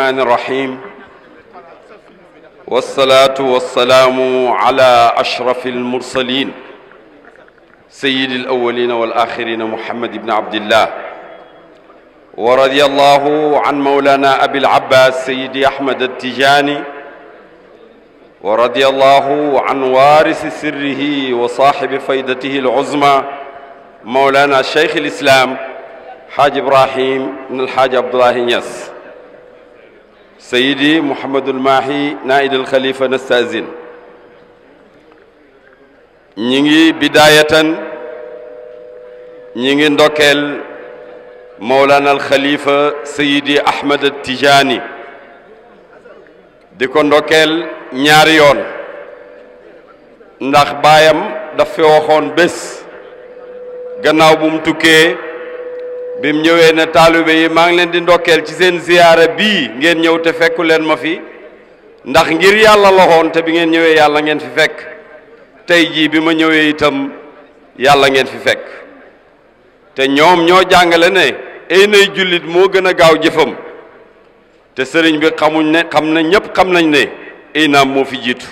الرحمن الرحيم والصلاة والسلام على أشرف المرسلين سيد الأولين والآخرين محمد بن عبد الله ورضي الله عن مولانا أبي العباس سيدي أحمد التجاني ورضي الله عن وارث سره وصاحب فيدته العظمى مولانا شيخ الإسلام حاج إبراهيم بن الحاج عبد الله نياس سيدي محمد الماحي نائد الخليفة نستأذن نيجي بداية نيجي ندخل مولانا الخليفة سيدي أحمد التجاني ديكون ندخل نياريون نخبايم baayam بس جناوبم تكي bi ñëwee na taalibe yi maa ngi leen di ndokkeel ci seen ziyaara bii ngeen ñëw te fekku leen ma fi ndax ngir yàlla loxoon te bi ngeen ñëwee yàlla ngeen fi fekk tey jii bi ma ñëwee itam yàlla ngeen fi fekk te ñoom ñoo jàngale ne ay nay jullit moo gën a gaaw jëfam te sëriñ bi xamuñ ne xam na ñépp xam nañ ne ay naam moo fi jiitu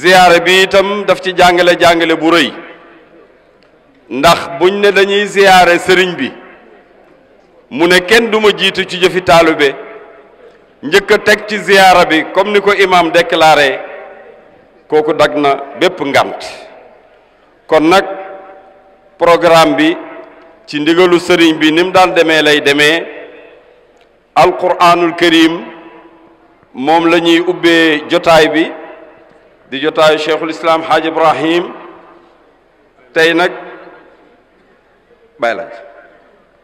ziyaara bi itam daf ci jàngale jàngale bu rëy ndax buñ ne dañuy ziyaare sëriñ bi mu ne kenn duma jiitu ci jëfi taalibe njëkk a teg ci ziyaara bi comme ni ko imam déclaré kooku dag na bépp ngant kon nag programme bi ci ndigalu sëriñ bi ni mu daan demee lay demee alquranul karim moom la ñuy ubbee jotaay bi di jotaayu cheikhul islam haaj ibrahim tey nag bay laaj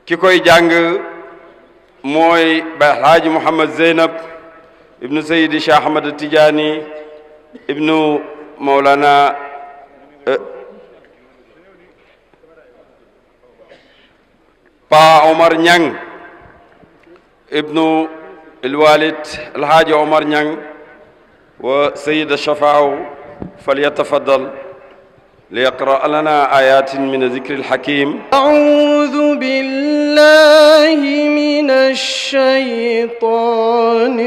ki koy jàng mooy bay alhaaji mouhamad zeynab ibnu sayidi cheikh ahmad tijaani ibnu maulana pa omar ñang ibnu الوالد الحاج عمر نيان وسيد الشفاعو فليتفضل ليقرأ لنا آيات من ذكر الحكيم أعوذ بالله من الشيطان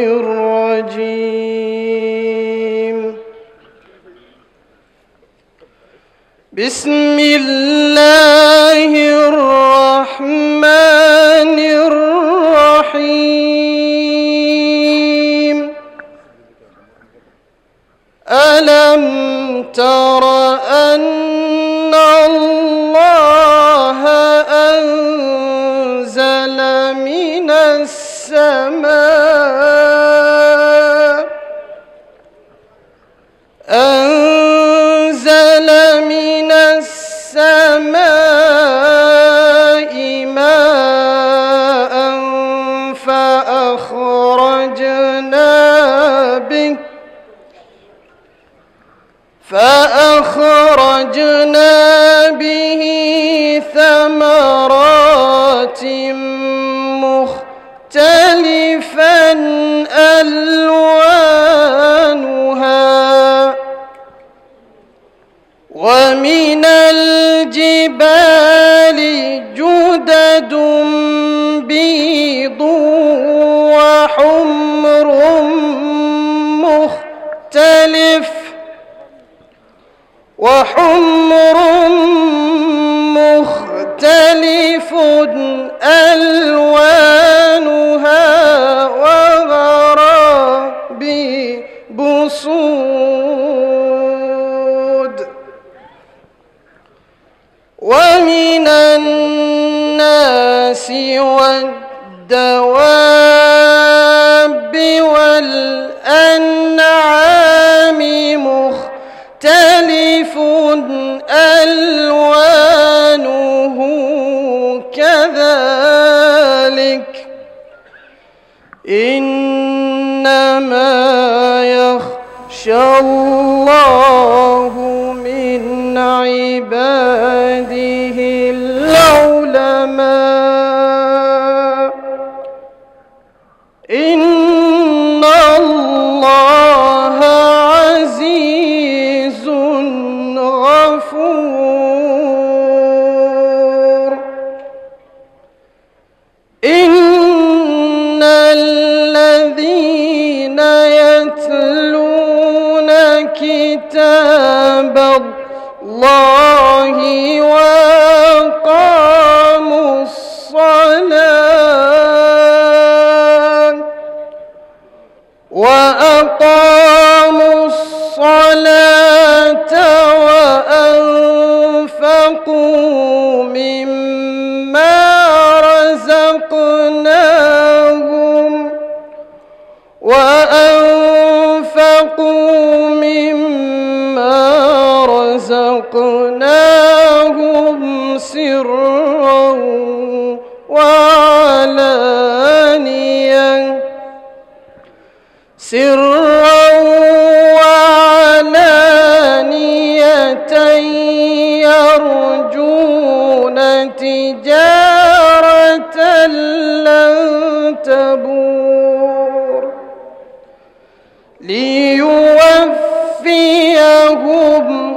الرجيم بسم الله الرحمن الرحيم ألم تر أن ألوانها ومن الجبال جدد بيض وحمر مختلف وحمر مختلف ألوانها والدواب والأنعام مختلف ألوانه كذلك إنما يخشى الله كتاب الله وقاموا الصلاة وأقاموا الصلاة وأنفقوا مما رزقناهم وأنفقوا مما رزقناهم سرا وعلانية سرا وعلانية يرجون تجارة لن تبور ليوفيهم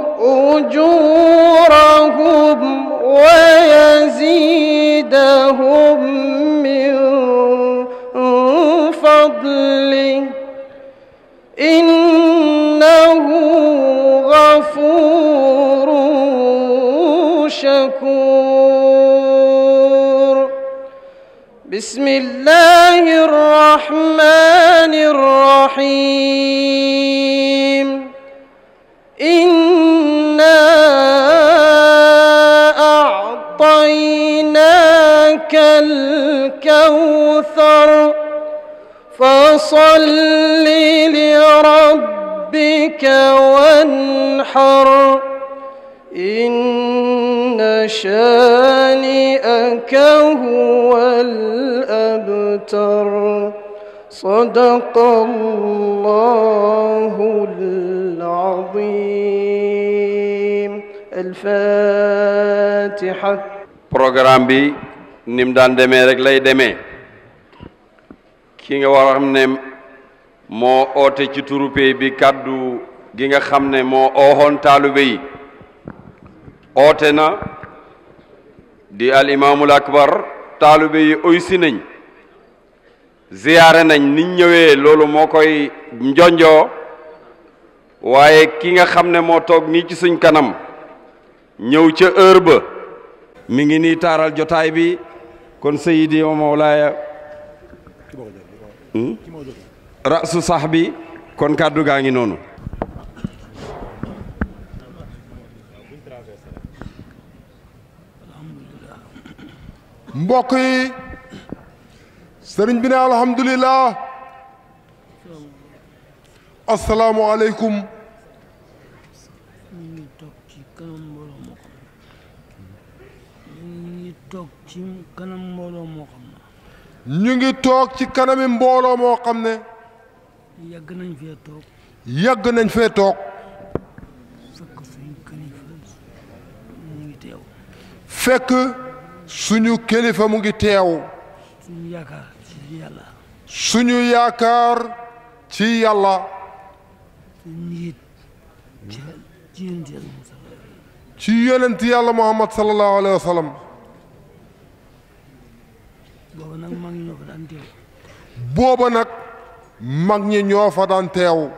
أجورهم ويزيدهم من فضله إنه غفور شكور بسم الله الرحمن الرحيم إن الكوثر فصل لربك وانحر إن شانئك هو الأبتر صدق الله العظيم الفاتحة program ni daan demee rek lay demee ki nga war a ne moo oote ci turu bi kàddu gi nga xam ne moo ooxoon taalibe yi oote na di al imaamul akbar taalibe yi oysi nañ ziyaare nañ niñ ñëwee loolu moo koy njonjoo waaye ki nga xam ne moo toog ni ci suñ kanam ñëw ca heure ba mi ngi nii taaral jotaay bi kon sayidi wa mawlaaya hmm? rasu sax bi kon kàddu gaa ngi noonu mbokk yi sëriñ bi ne alhamdulilah asalaamualeykum ñu ñu ngi toog ci kanami mbooloo moo xam ne. yàgg nañ fee toog. yàgg nañ fee toog. fekk suñu kilifa mu ngi teew. suñu mu ngi teew. suñu yaakaar ci yàlla. suñu yaakaar ci yàlla. suñu ci yonent yàlla Muhammad. ci yonent wa sallam. booba nag mag ñi ñoo fa daan teew. booba nag mag ñi ñoo fa daan teew.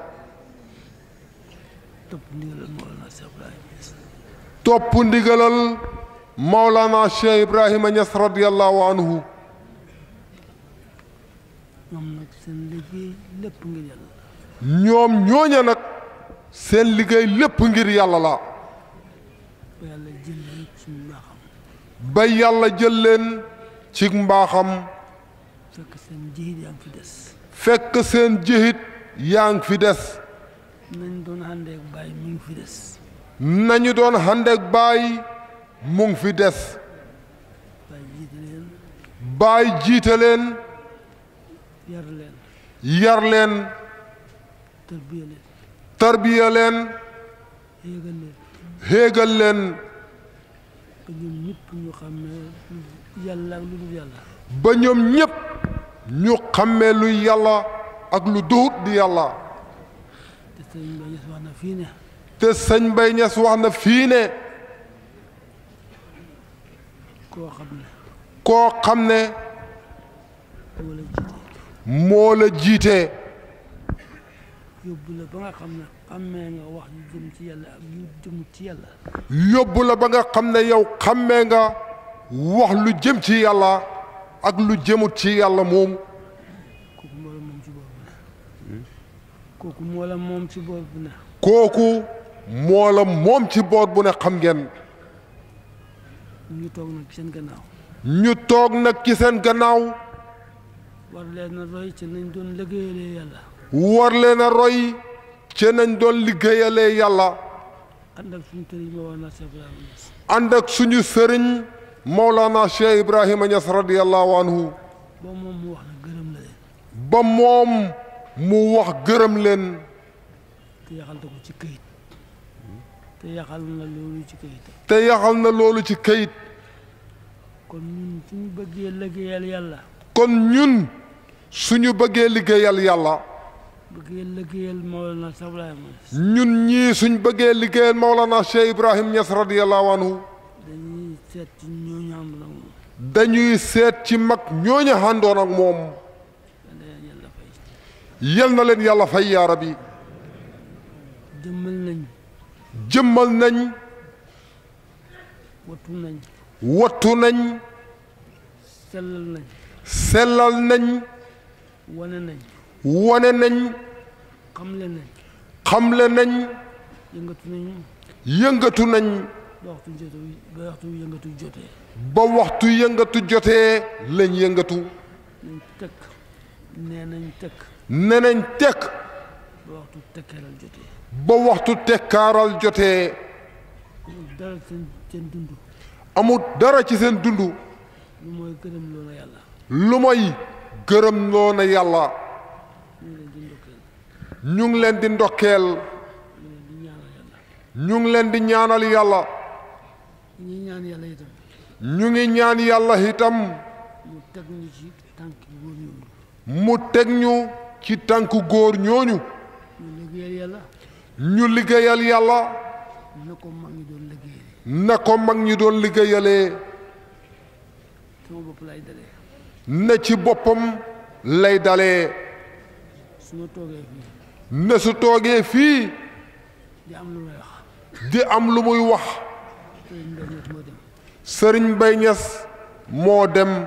topp ndigalal Mawlana Cheikh Ibrahima Niass. radiyallahu anhu. ñoom seen liggéey lépp ngir yàlla. ñooña nag seen liggéey lépp ngir yàlla la. ba yàlla jël leen. ci mbaaxam fekk seen jëhit yaa ngi fi des fekk seen jëhit nañu doon xàndeek baay mu ngi fi des nañu doon jiite leen yar leen yar leen tarbiya leen xéegal leen yàlla yàlla. ba ñoom ñépp ñu xàmmee lu yàlla ak lu duut di yàlla. te sëñ Mbaye wax na fii ne. te sëñ Mbaye wax na fii ne. koo xam ne. koo xam ne. moo la jiite. yóbbu la ba nga xam ne xàmmee nga wax ju jëm ci yàlla yóbbu la ba nga xam ne yow xàmmee nga. wax lu jëm ci yàlla ak lu jëmut ci yàlla moom kooku moo la moom ci boor bu ne kooku moo ci boor bu ne xam ngeen ñu toog nag ci seen gannaaw ñu toog nag ci seen gannaaw war leen a roy ci nañ doon liggéeyalee yàlla war nañ doon liggéeyalee yàlla ànd ak suñu sëriñ Mawlana Cheikh Ibrahima Niass radiyallahu anhu ba moom mu wax gërëm leen. ba moom mu wax gërëm leen. te yaxal na ko ci kayit. te yaxal na loolu ci këyit te yaxal na loolu ci kayit. kon ñun suñu bëggee liggéeyal yàlla. kon ñun suñu bëggee liggéeyal yàlla. bëggee liggéeyal Mawlana Cheikh Ibrahima. ñun ñii suñ bëggee liggéeyal Mawlana Cheikh Ibrahim Niass radiyallahu seet ci ñooñu àndoon moom. dañuy seet ci mag ñooñu àndoon ak moom. yal na leen yàlla fay yaa rabbi. jëmmal nañ. jëmmal nañ. wattu nañ. wattu nañ. sellal nañ. wane nañ. xamle nañ. xamle nañ. yëngatu nañ. ba waxtu yëngatu ba waxtu yëngatu jotee. ba yëngatu jotee lañ yëngatu. nañ tekk nee nañ tekk. ba waxtu tekkaaral jotee. ba dara ci seen dund. amul lu mooy gërëm yàlla. lu mooy gërëm loo yàlla. ñu ngi leen di ndokkeel. ñu ngi leen di ñaanal yàlla. ñu ngi ñaan yàlla itam. ñu ngi ñaan yàlla itam. mu teg ñu ci tànk góor ñooñu. mu ñu liggéeyal yàlla. ñu liggéeyal yàlla. na ko mag ñi doon liggéeyalee. na ko mag ñi doon liggéeyalee. sama lay dalee. na ci boppam lay dalee. su ma toogee fii. na su toogee fii. di am lu muy wax. di am lu muy wax. sëriñ Bay Ñas moo dem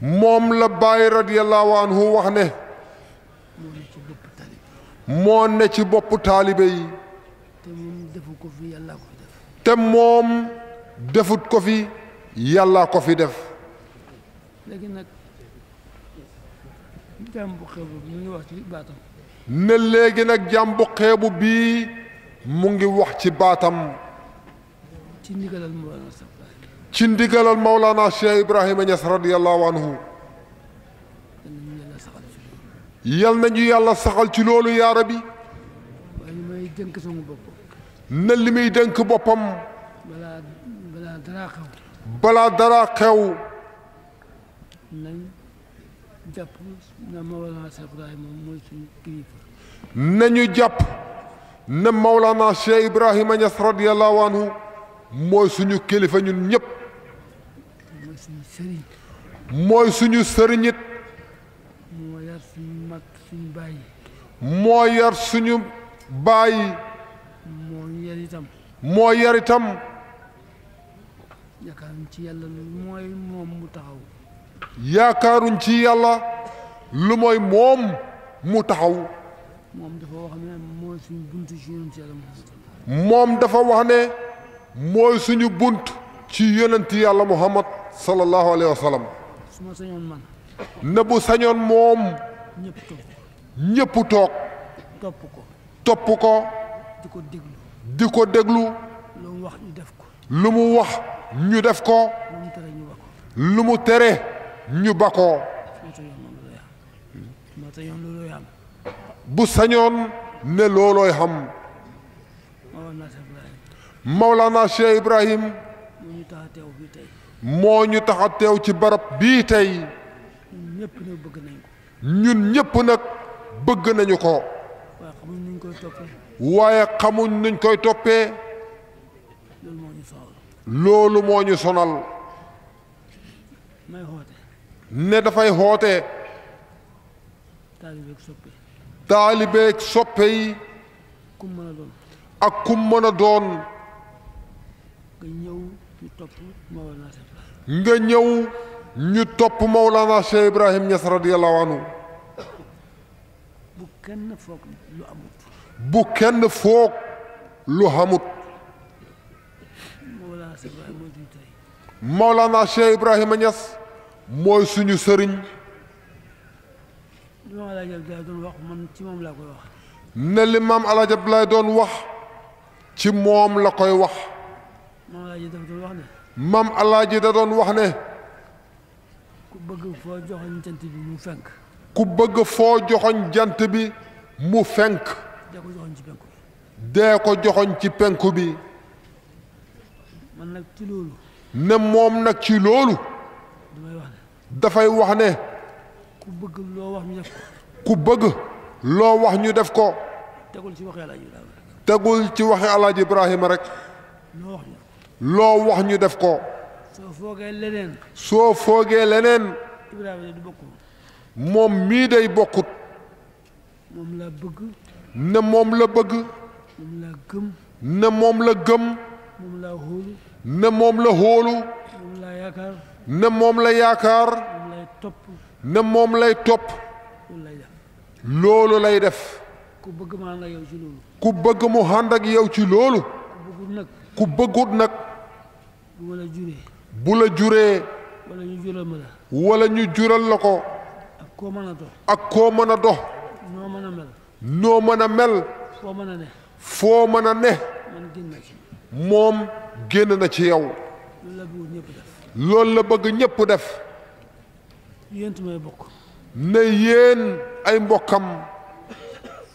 moom la Baay radiyallahu anhu wax ne moo ne ci bopp taalibe yi te moom defut ko fi yàlla ko fi def ne léegi nag jàmbu xeebu bii mu ngi wax ci baatam ci ndigalal Mawlana ci ndigalal Mawlana Cheikh Ibrahima Niass radiyallahu anhu yal nañu yàlla saxal ci loolu yaa rabbi na li muy dénk boppam balaa daraa xew balaa daraa xew nañ jàpp na Mawlana Cheikh Ibrahima mooy suñu kilifa anhu mooy suñu kilifa ñun ñëpp. mooy suñu sëriñ. mooy suñu sëriñ it. yar suñu mag suñu baay. moo yar suñu baay. moo itam. moo yar itam. yaakaaruñ ci yàlla lu mooy moom mu taxaw. yaakaaruñ ci yàlla lu moom taxaw. moom dafa wax ne mooy suñu buntu ci yonent yàlla Muhammad. moom dafa wax ne. mooy suñu bunt ci yonent yàlla muhammad sallallahu alayhi wa sallam ne bu sañoon moom ñëpp toog topp ko topp ko di ko déglu di ko déglu lu mu wax ñu def ko lu mu wax ñu def ko lu mu tere ñu bakoo bu sañoon ne loolooy xam Mawlana Cheikh Ibrahim moo ñu tax a teew ci barab bii tey ñun ñëpp nag bëgg nañu ko waaye xamuñ nuñ koy toppee loolu moo ñu sonal ne dafay xoote taalibeeg soppe yi ak kum mën a doon nga ñëw ñu topp maulana Cheikh Ibrahim Niass radiyallahu anhu bu kenn foog lu amut bu kenn foog lu amut maulana Cheikh ibrahim Niass mooy suñu sëriñ ne li maam Alaaji Abdoulaye doon wax ci moom la koy wax مام الله جي دا دون كو بغ فو جوخن جانت بي مو فنك كو بغ فو جوخن جانت بي مو فنك ديكو جوخن جي بنكو بي مان تي لولو نم موم نك تي لولو دا فاي واخني كو بغ لو واخ ني كو بغ لو واخ ني داف كو تغول سي واخي الله جي تغول سي واخي الله جي ابراهيم رك لو واخني loo wax ñu def ko. soo foogee leneen. soo foogee leneen. moom mii day bokkut. moom ne moom la bëgg. moom la gëm. ne moom la gëm. moom la ne moom la hóolu. yaakaar. ne moom la yaakaar. lay topp. ne moom lay topp. loolu lay def. ku bëgg mu ànd ak yow ci loolu. ci loolu. ku bëggut nag. ku bëggut nag. bu ma la juree. bu la juree. wala ñu jural la. wala ko. ak koo mën a do ak koo mën a dox. noo mën a mel. noo mën a mel. foo mën a ne. foo mën a ne. moom génn na ci yow. loolu la bëgg ñépp def. loolu la bëgg yéen ay mbokkam.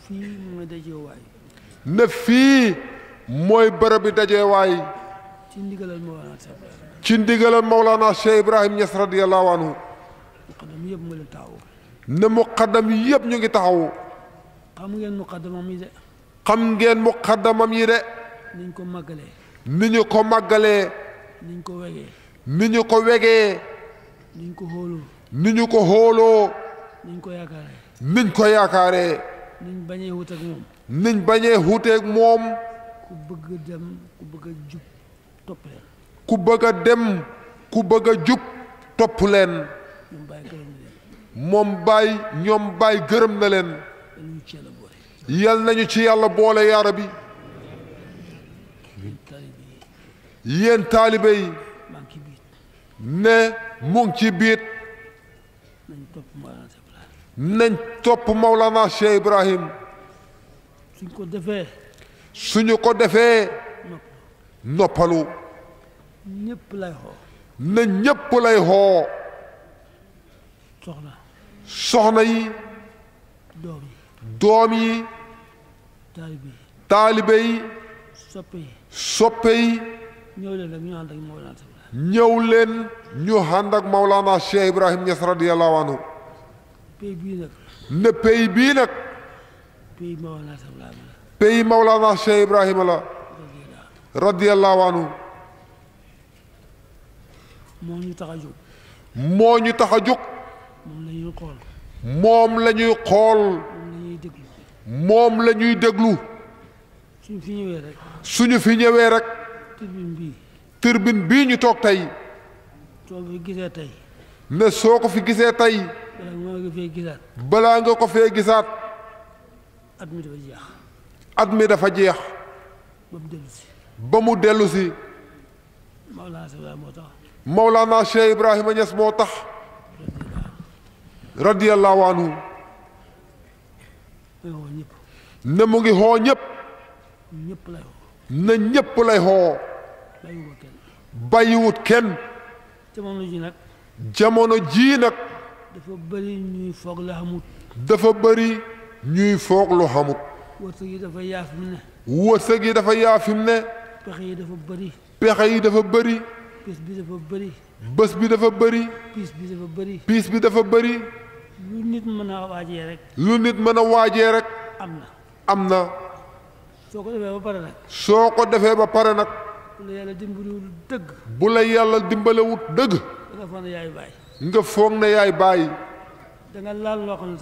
fii mooy fii mooy bërëb bi dajewaay. ci ndigalal Mawlana Cheikh Ibrahim. ci ndigalal Mawlana Cheikh Ibrahim Niass radiyallahu anhu. muqaddam yëpp mu ngi taxawu. ne muqaddam yëpp ñu ngi taxawu. xam ngeen muqaddamam yi de. xam ngeen muqaddamam yi de. ni ñu ko màggalee. ni ñu ko màggalee. ni ñu ko wegee. ni ñu ko wegee. ni ñu ko xooloo. ni ñu ko xooloo. ni ñu ko yaakaaree. ni ñu ko yaakaaree. ni ñu bañee wuuteeg moom. ni ñu bañee wuuteeg moom. ku bëgg dem ku bëgg jub. ku bëgg a dem ku bëgg a jub topp leen moom baay ñoom baay gërëm na leen yal nañu ci yàlla boole yaara bi yéen taalibe yi ne mu ci biit nañ topp Mawlana Cheikh Ibrahim suñu ko defee suñu ko defee noppalu ñëpp lay xoo na ñëpp lay xoo soxna soxna yi doom yi doom yi taalibe yi taalibe yi soppe yi soppe yi ñëw leen rek ñu ànd ak Mawlana ñëw ñu ànd ak Mawlana Cheikh Ibrahim Niass radiyallahu anhu bii nag ne pay bii nag pay Mawlana Cheikh Ibrahima la radiyallahu anhu moo ñu tax a jóg. moo ñu tax a jóg. moom lañuy xool. moom la ñuy déglu. suñu fi ñëwee rek. suñu fi ñëwee rek. turbine bii. turbine bii ñu toog tey. soo ko fi gisee tey. ne soo ko fi gisee tey. balaa nga ko fee gisaat. balaa nga ko fee gisaat. at mi dafa jeex. at mi dafa jeex. ba mu dellu si. Mawlana Cheikh Ibrahima Niass moo tax. radiyallahu anhu. ne mu ngi xoo ñëpp. na ñëpp lay xoo. bàyyiwut kenn. jamono ji nag. jamono dafa bëri ñuy foog xamut. dafa bëri ñuy foog xamut. wërsëg yi dafa yaa ne. wërsëg yi dafa yaa ne. pexe yi dafa bëri. pexe yi dafa bëri. bés bi dafa bëri. bi dafa bëri. piis bi dafa bëri. piis bi dafa bëri. lu nit mën a waajee rek. lu nit mën a waajee rek. am na am na. soo ko defee ba pare nag. soo ko defee ba pare nag. bu la yàlla dimbalewul dëgg. bu la yàlla dimbalewut dëgg. nga foog ne yaay bàyyi. nga ne yaay bàyyi.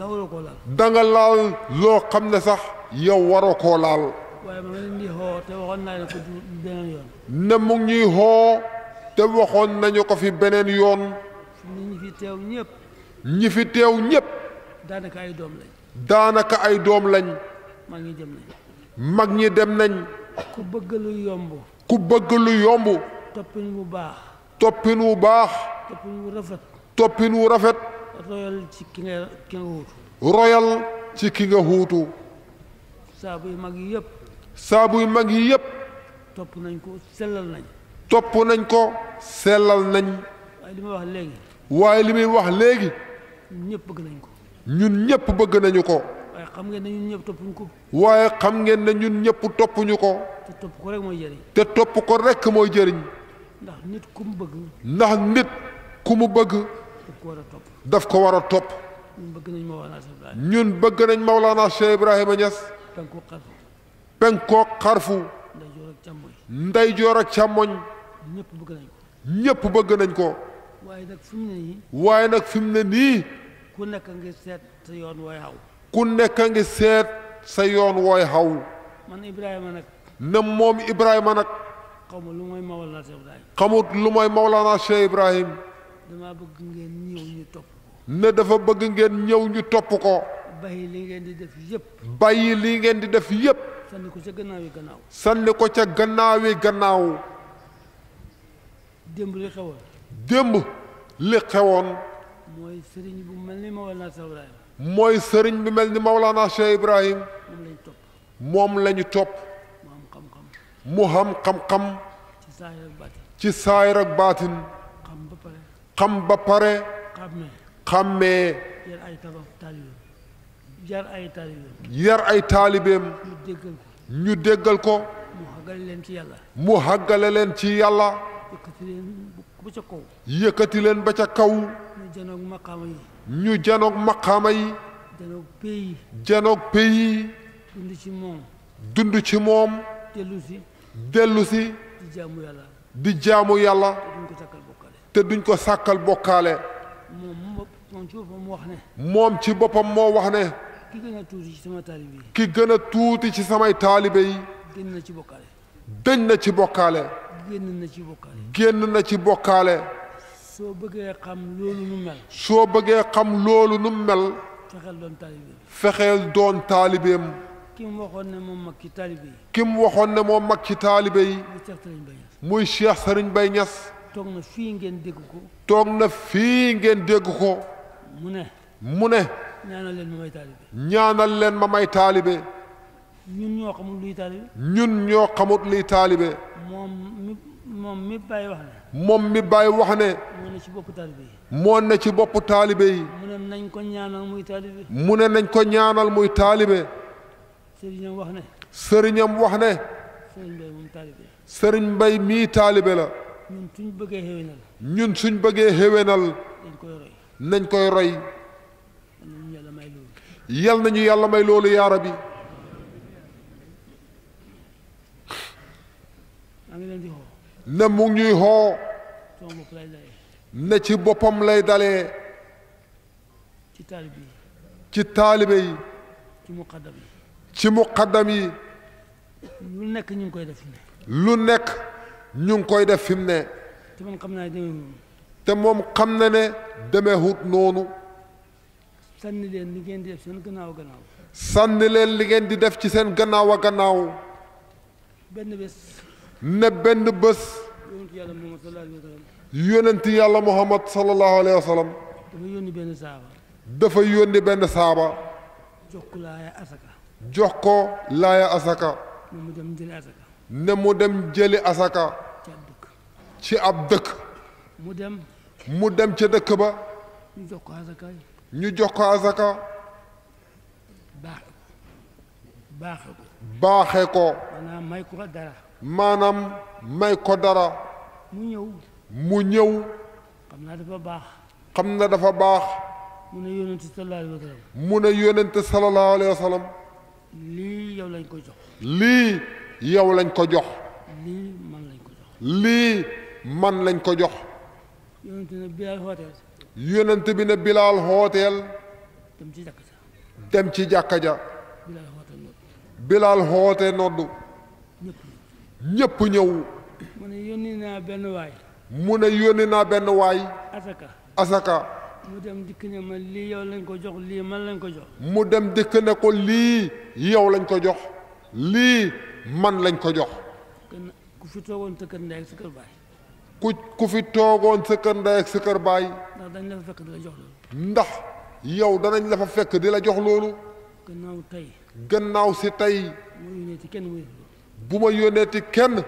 da nga laal loo xam ne sax waroo koo laal. da laal loo xam ne sax yow waroo koo laal. waaye ma ngi leen di waxoon nañu ko fi beneen yoon. ñi fi fi teew ñëpp. daanaka ay doom ay doom lañ. mag ñi dem nañ. ñi dem nañ. ku bëgg lu yomb. toppin wu baax. toppin wu baax. toppin wu rafet. royal ci ki nga ki royal ci ki nga huutu. saabu yu mag yi yëpp. saabu yu mag yi yépp topp nañ ko sellal nañ topp nañ ko sellal nañ waaye li may wax léegi waaye li muy wax léegi ñun ñëpp bëgg nañ ko ñun ñëpp bëgg nañu ko waaye xam ngeen ne ñun ñëpp toppuñu ko waaye xam ngeen ne ñun ñëpp toppuñu ko te topp ko rek mooy jëriñ te topp ko rek mooy jëriñ ndax nit ku mu bëgg ndax nit ku mu bëgg daf ko war a topp daf ko war ñun bëgg nañ Mawlana Cheikh Ibrahima ñun bëgg nañ Mawlana Cheikh Ibrahima Niass penkook xarfu ndeyjoor ak càmmoñ ñëpp bëgg nañ ko ñëpp bëgg nañ ko waaye nag fi ne nii waaye nag fi mu ne nii ku nekk ngi seet sa yoon wooy xaw ku nekk ngi seet sa yoon wooy xaw man Ibrahima nag ne moom Ibrahima nag xamut lu mooy Mawlana Cheikh Ibrahim xamut lu mooy Mawlana Cheikh Ibrahim dama bëgg ne dafa bëgg ngeen ñëw ñu topp ko bàyyi li ngeen di def yépp bàyyi li ngeen di def yépp sànni ko ca gannaaw yi ko ca gannaaw yi gannaaw. démb li xewoon. démb li xewoon. mooy sëriñ bu mel ni Mawlana Cheikh Ibrahim. mooy sëriñ bu mel ni Mawlana moom lañu topp. mu xam-xam. xam ci saayir ak baatin. xam ba pare. xam ba yar ay taalibeem. ñu déggal ko. mu xàggale leen ci yàlla. mu xàggale leen ci yàlla. yëkkati ba ca kaw. yëkkati leen ba ca kaw. ñu janoog maqaama yi. ñu janoog maqaama dund ci moom. dund ci moom. dellu si. dellu si. di jaamu yàlla. di jaamu yàlla. te duñ ko sàkkal bokkaale. moom ci boppam moo wax ne. moom ci boppam moo wax ne. ki gën tuuti ci sama taalibe ki gën a tuuti ci samay taalibe yi. génn ci bokkaale. dëñ na ci bokkaale. génn na ci bokkaale. génn na ci bokkaale. soo bëggee xam loolu nu mel. soo bëggee xam loolu nu mel. fexeel doon taalibeem. fexeel doon taalibeem. ki mu waxoon ne moo mag ci taalibe yi. ki waxoon ne moom mag ci taalibe yi. muy Cheikh Serigne bay Niass. toog na fii ngeen dégg ko. toog na fii ngeen dégg ko. mu ne. mu ne. ñaanal leen ma may taalibe. ñaanal leen ma taalibe. ñun ñoo xamut luy taalibe. ñun ñoo xamut luy taalibe. moom mi moom bàyyi wax ne. moom mi bàyyi wax ne. moo ne ci bopp taalibe yi. mu ne nañ ko ñaanal muy taalibe. mu ne nañ ko ñaanal muy taalibe. sëriñam wax ne. sëriñam wax ne. sëriñ Mbay moom taalibe. sëriñ mii taalibe la. ñun suñ bëggee xéwénal. ñun suñ bëggee xéwénal. nañ koy roy. nañ koy roy. yal nañu yàlla may loolu yaa rabbi ne mu ñuy xoo ne ci boppam lay dalee ci taalibe yi ci taalibe yi ci muqaddam yi ci lu nekk ñu ngi koy def fi ne nekk ñu ngi koy def fi mu ne te moom xam na ne demeewut noonu te moom xam na ne demeewut noonu sànni leen li ngeen di def gannaaw gannaaw. sànni li ngeen di def ci seen gannaaw a gannaaw. benn bés. ne benn bés. yónent yàlla Muhammad sallallahu alayhi wa sallam. dafa yónni benn saaba. dafa jox ko laaya asaka. ne mu dem jëli asaka. mu dem jëli asaka. ci ab dëkk. mu dem. ca dëkk ba. ñu jox ko asaka. ñu jox ko azaka baax baaxe ko baaxe ko maanaam may ko dara maanaam may ko dara mu ñëw mu ñëw xam naa dafa baax xam na dafa baax mu ne yónente sallallahu wa sallam mu ne yónente sallallahu alayhi wa sallam lii yow lañ ko jox lii yow lañ ko jox man lañ ko jox lii man lañ ko jox yónente ne bi yonent bi ne bilaal hooteel dem ci jàkka ja dem ci jàkka ja bilaal hoote noddu ñépp ñëw mu ne yónni naa benn waay mu ne yónni naa benn waay asaka asaka mu dem dikk ne ma lii yow lañ ko jox lii man lañ ko jox mu dem dikk ne ko lii yow lañ ko jox lii man lañ ko jox ku fi toogoon sa kër ku ku fi toogoon sa kër ndey ak sa baay. ndax dañ la fa fekk di la jox loolu. ndax yow danañ la fa fekk di la jox loolu. gannaaw tey. gannaaw si tey. bu ma yónneeti kenn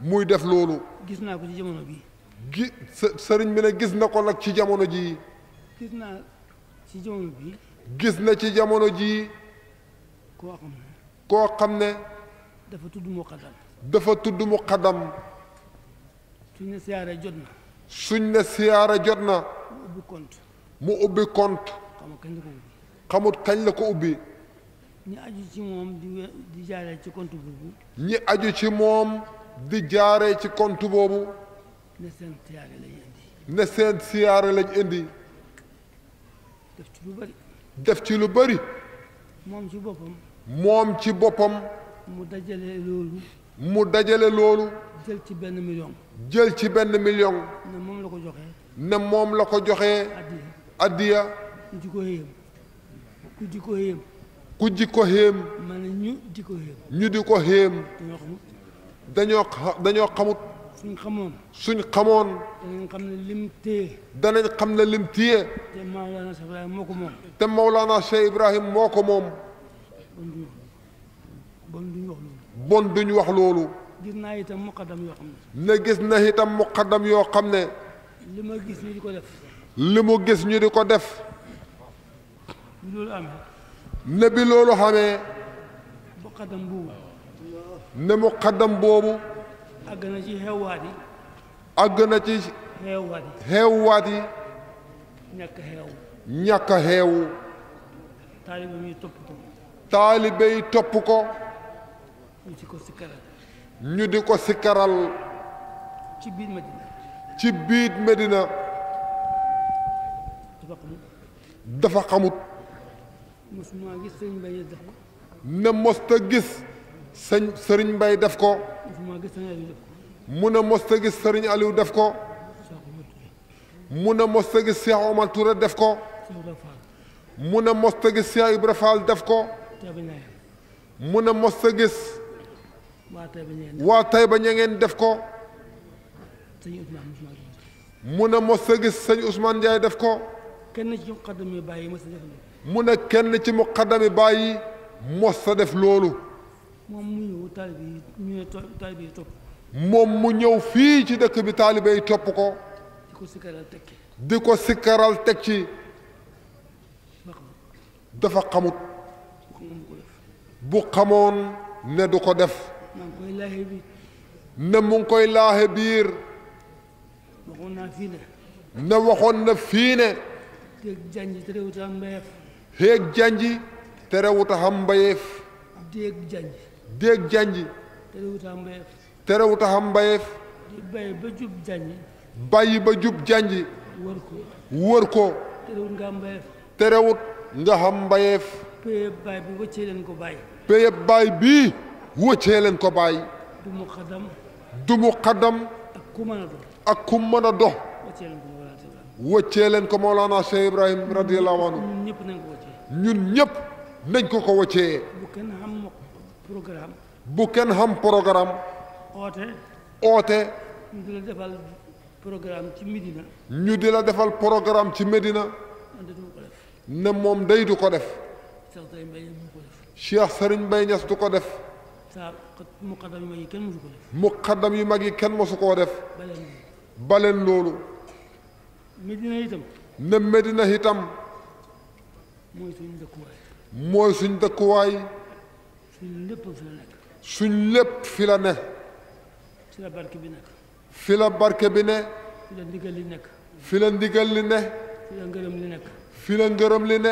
muy def loolu. gis naa ko ci jamono bi. gi sëriñ bi ne gis na ko nag ci jamono jii. gis naa ci jamono gis na ci jamono jii. koo xam ne. koo xam ne. dafa tudd mu xaddam. dafa tudd mu xaddam. suñ ne siyaara jot na. suñ ne siyaara jot na. mu ubbi compte. mu ubbi compte. xamut kañ la ko ubbi. xamut ñi aju ci moom di jaaree ci compte boobu. moom di jaaree ci compte boobu. ne seen siyaara lañ indi. ne seen siyaara lañ indi. def ci lu bari. def ci lu bari. ci boppam. moom ci boppam. mu dajale loolu. mu dajale loolu. jël ci benn million. jël ci benn million. ne moom la ko joxee. ne moom la ko joxee. addiya ku ji ko xéem. ku ji ko xéem. ku ji ko xéem. ma ne ñu di ko xéem. ñu di ko xéem. dañoo xamut. dañoo xamut. suñ xamoon. suñ xamoon. danañ xam ne lim téye. danañ xam ne lim téye. te Maolana Cheikh Ibrahim moo ko moom. te Maolana Cheikh Ibrahim moo ko moom. bon duñ wax loolu. bon duñ wax loolu. gis naa itam muqaddam yoo xam ne. ne gis na itam muqaddam yoo xam ne. li ma gis ñu di ko def. li mu gis ñu di ko def. bi loolu amee. ne bi loolu xamee. muqaddam boobu. ne muqaddam boobu. àgg na ci xewaat yi. àgg na ci. xewaat yi xewaat yi. ñàkk xew. ñàkk xew. taalibe yi topp ko. taalibe yi topp ko. ñu di ko sikkaral. ñu di ko sikkaral ci biir medina ci biir medina dafa xamut mosuma gis sëriñ mbay def ko ne mosta gis sëñ sëriñ mbay def ko mosuma gis sëriñ aliou def ko mu ne mosta gis sëriñ aliou def ko mu ne mosta gis seex omar touré def ko mu ne mosta gis seex ibra fall def ko mu ne mosta gis waa Taïba ña ngeen def ko mu ne mos a gis sëñ Ousmane Ndiaye def ko kenn ci muqaddam yi mu ne kenn ci muqaddam yi bàyyi mos a def loolu moom mu ñëw mu ñëw fii ci dëkk bi taalibe yi topp ko di ko sikkaral teg ci di ko sikkaral teg ci dafa xamut bu xamoon ne du ko def koy laaxe biir ne mu ngi koy laaxe biir waxoon naa waxoon na fii ne xéeg janji terewut a xam mbayeef xéeg janji terewut a xam mbayeef déeg janji bàyyi ba jub jànj bàyyi ba jub janji wër ko terewut nga xam mbayeef terewut nga xam mbayeef péyëb baay ko bàyyi péyëb baay bii wóccee leen ko bàyyi. du mu xadam. du mu xadam. ak ku mën a dox. ak leen ko Mawlana Cheikh Ibrahim radiyallahu anhu. ñun ñëpp nañ ñun ñëpp nañ ko ko wóccee. bu kenn xam programme. bu kenn xam programme. oote. oote. ñu di la defal programme ci Medina. ne moom day du ko def. Cheikh Serigne Mbaye Niass du ko def. saa muqaddam yu mag yi kenn mosu yu mag yi kenn mosu koo def. baleen baleen loolu. Medina itam. ne Medina itam. mooy suñ dëkkuwaay. mooy suñ dëkkuwaay. suñ lépp fi la nekk. la ne. fi la barke bi la barke bi ne. fi la ndigal li nekk. fi la ndigal li ne. fi la ngërëm li nekk. fi la ngërëm li yi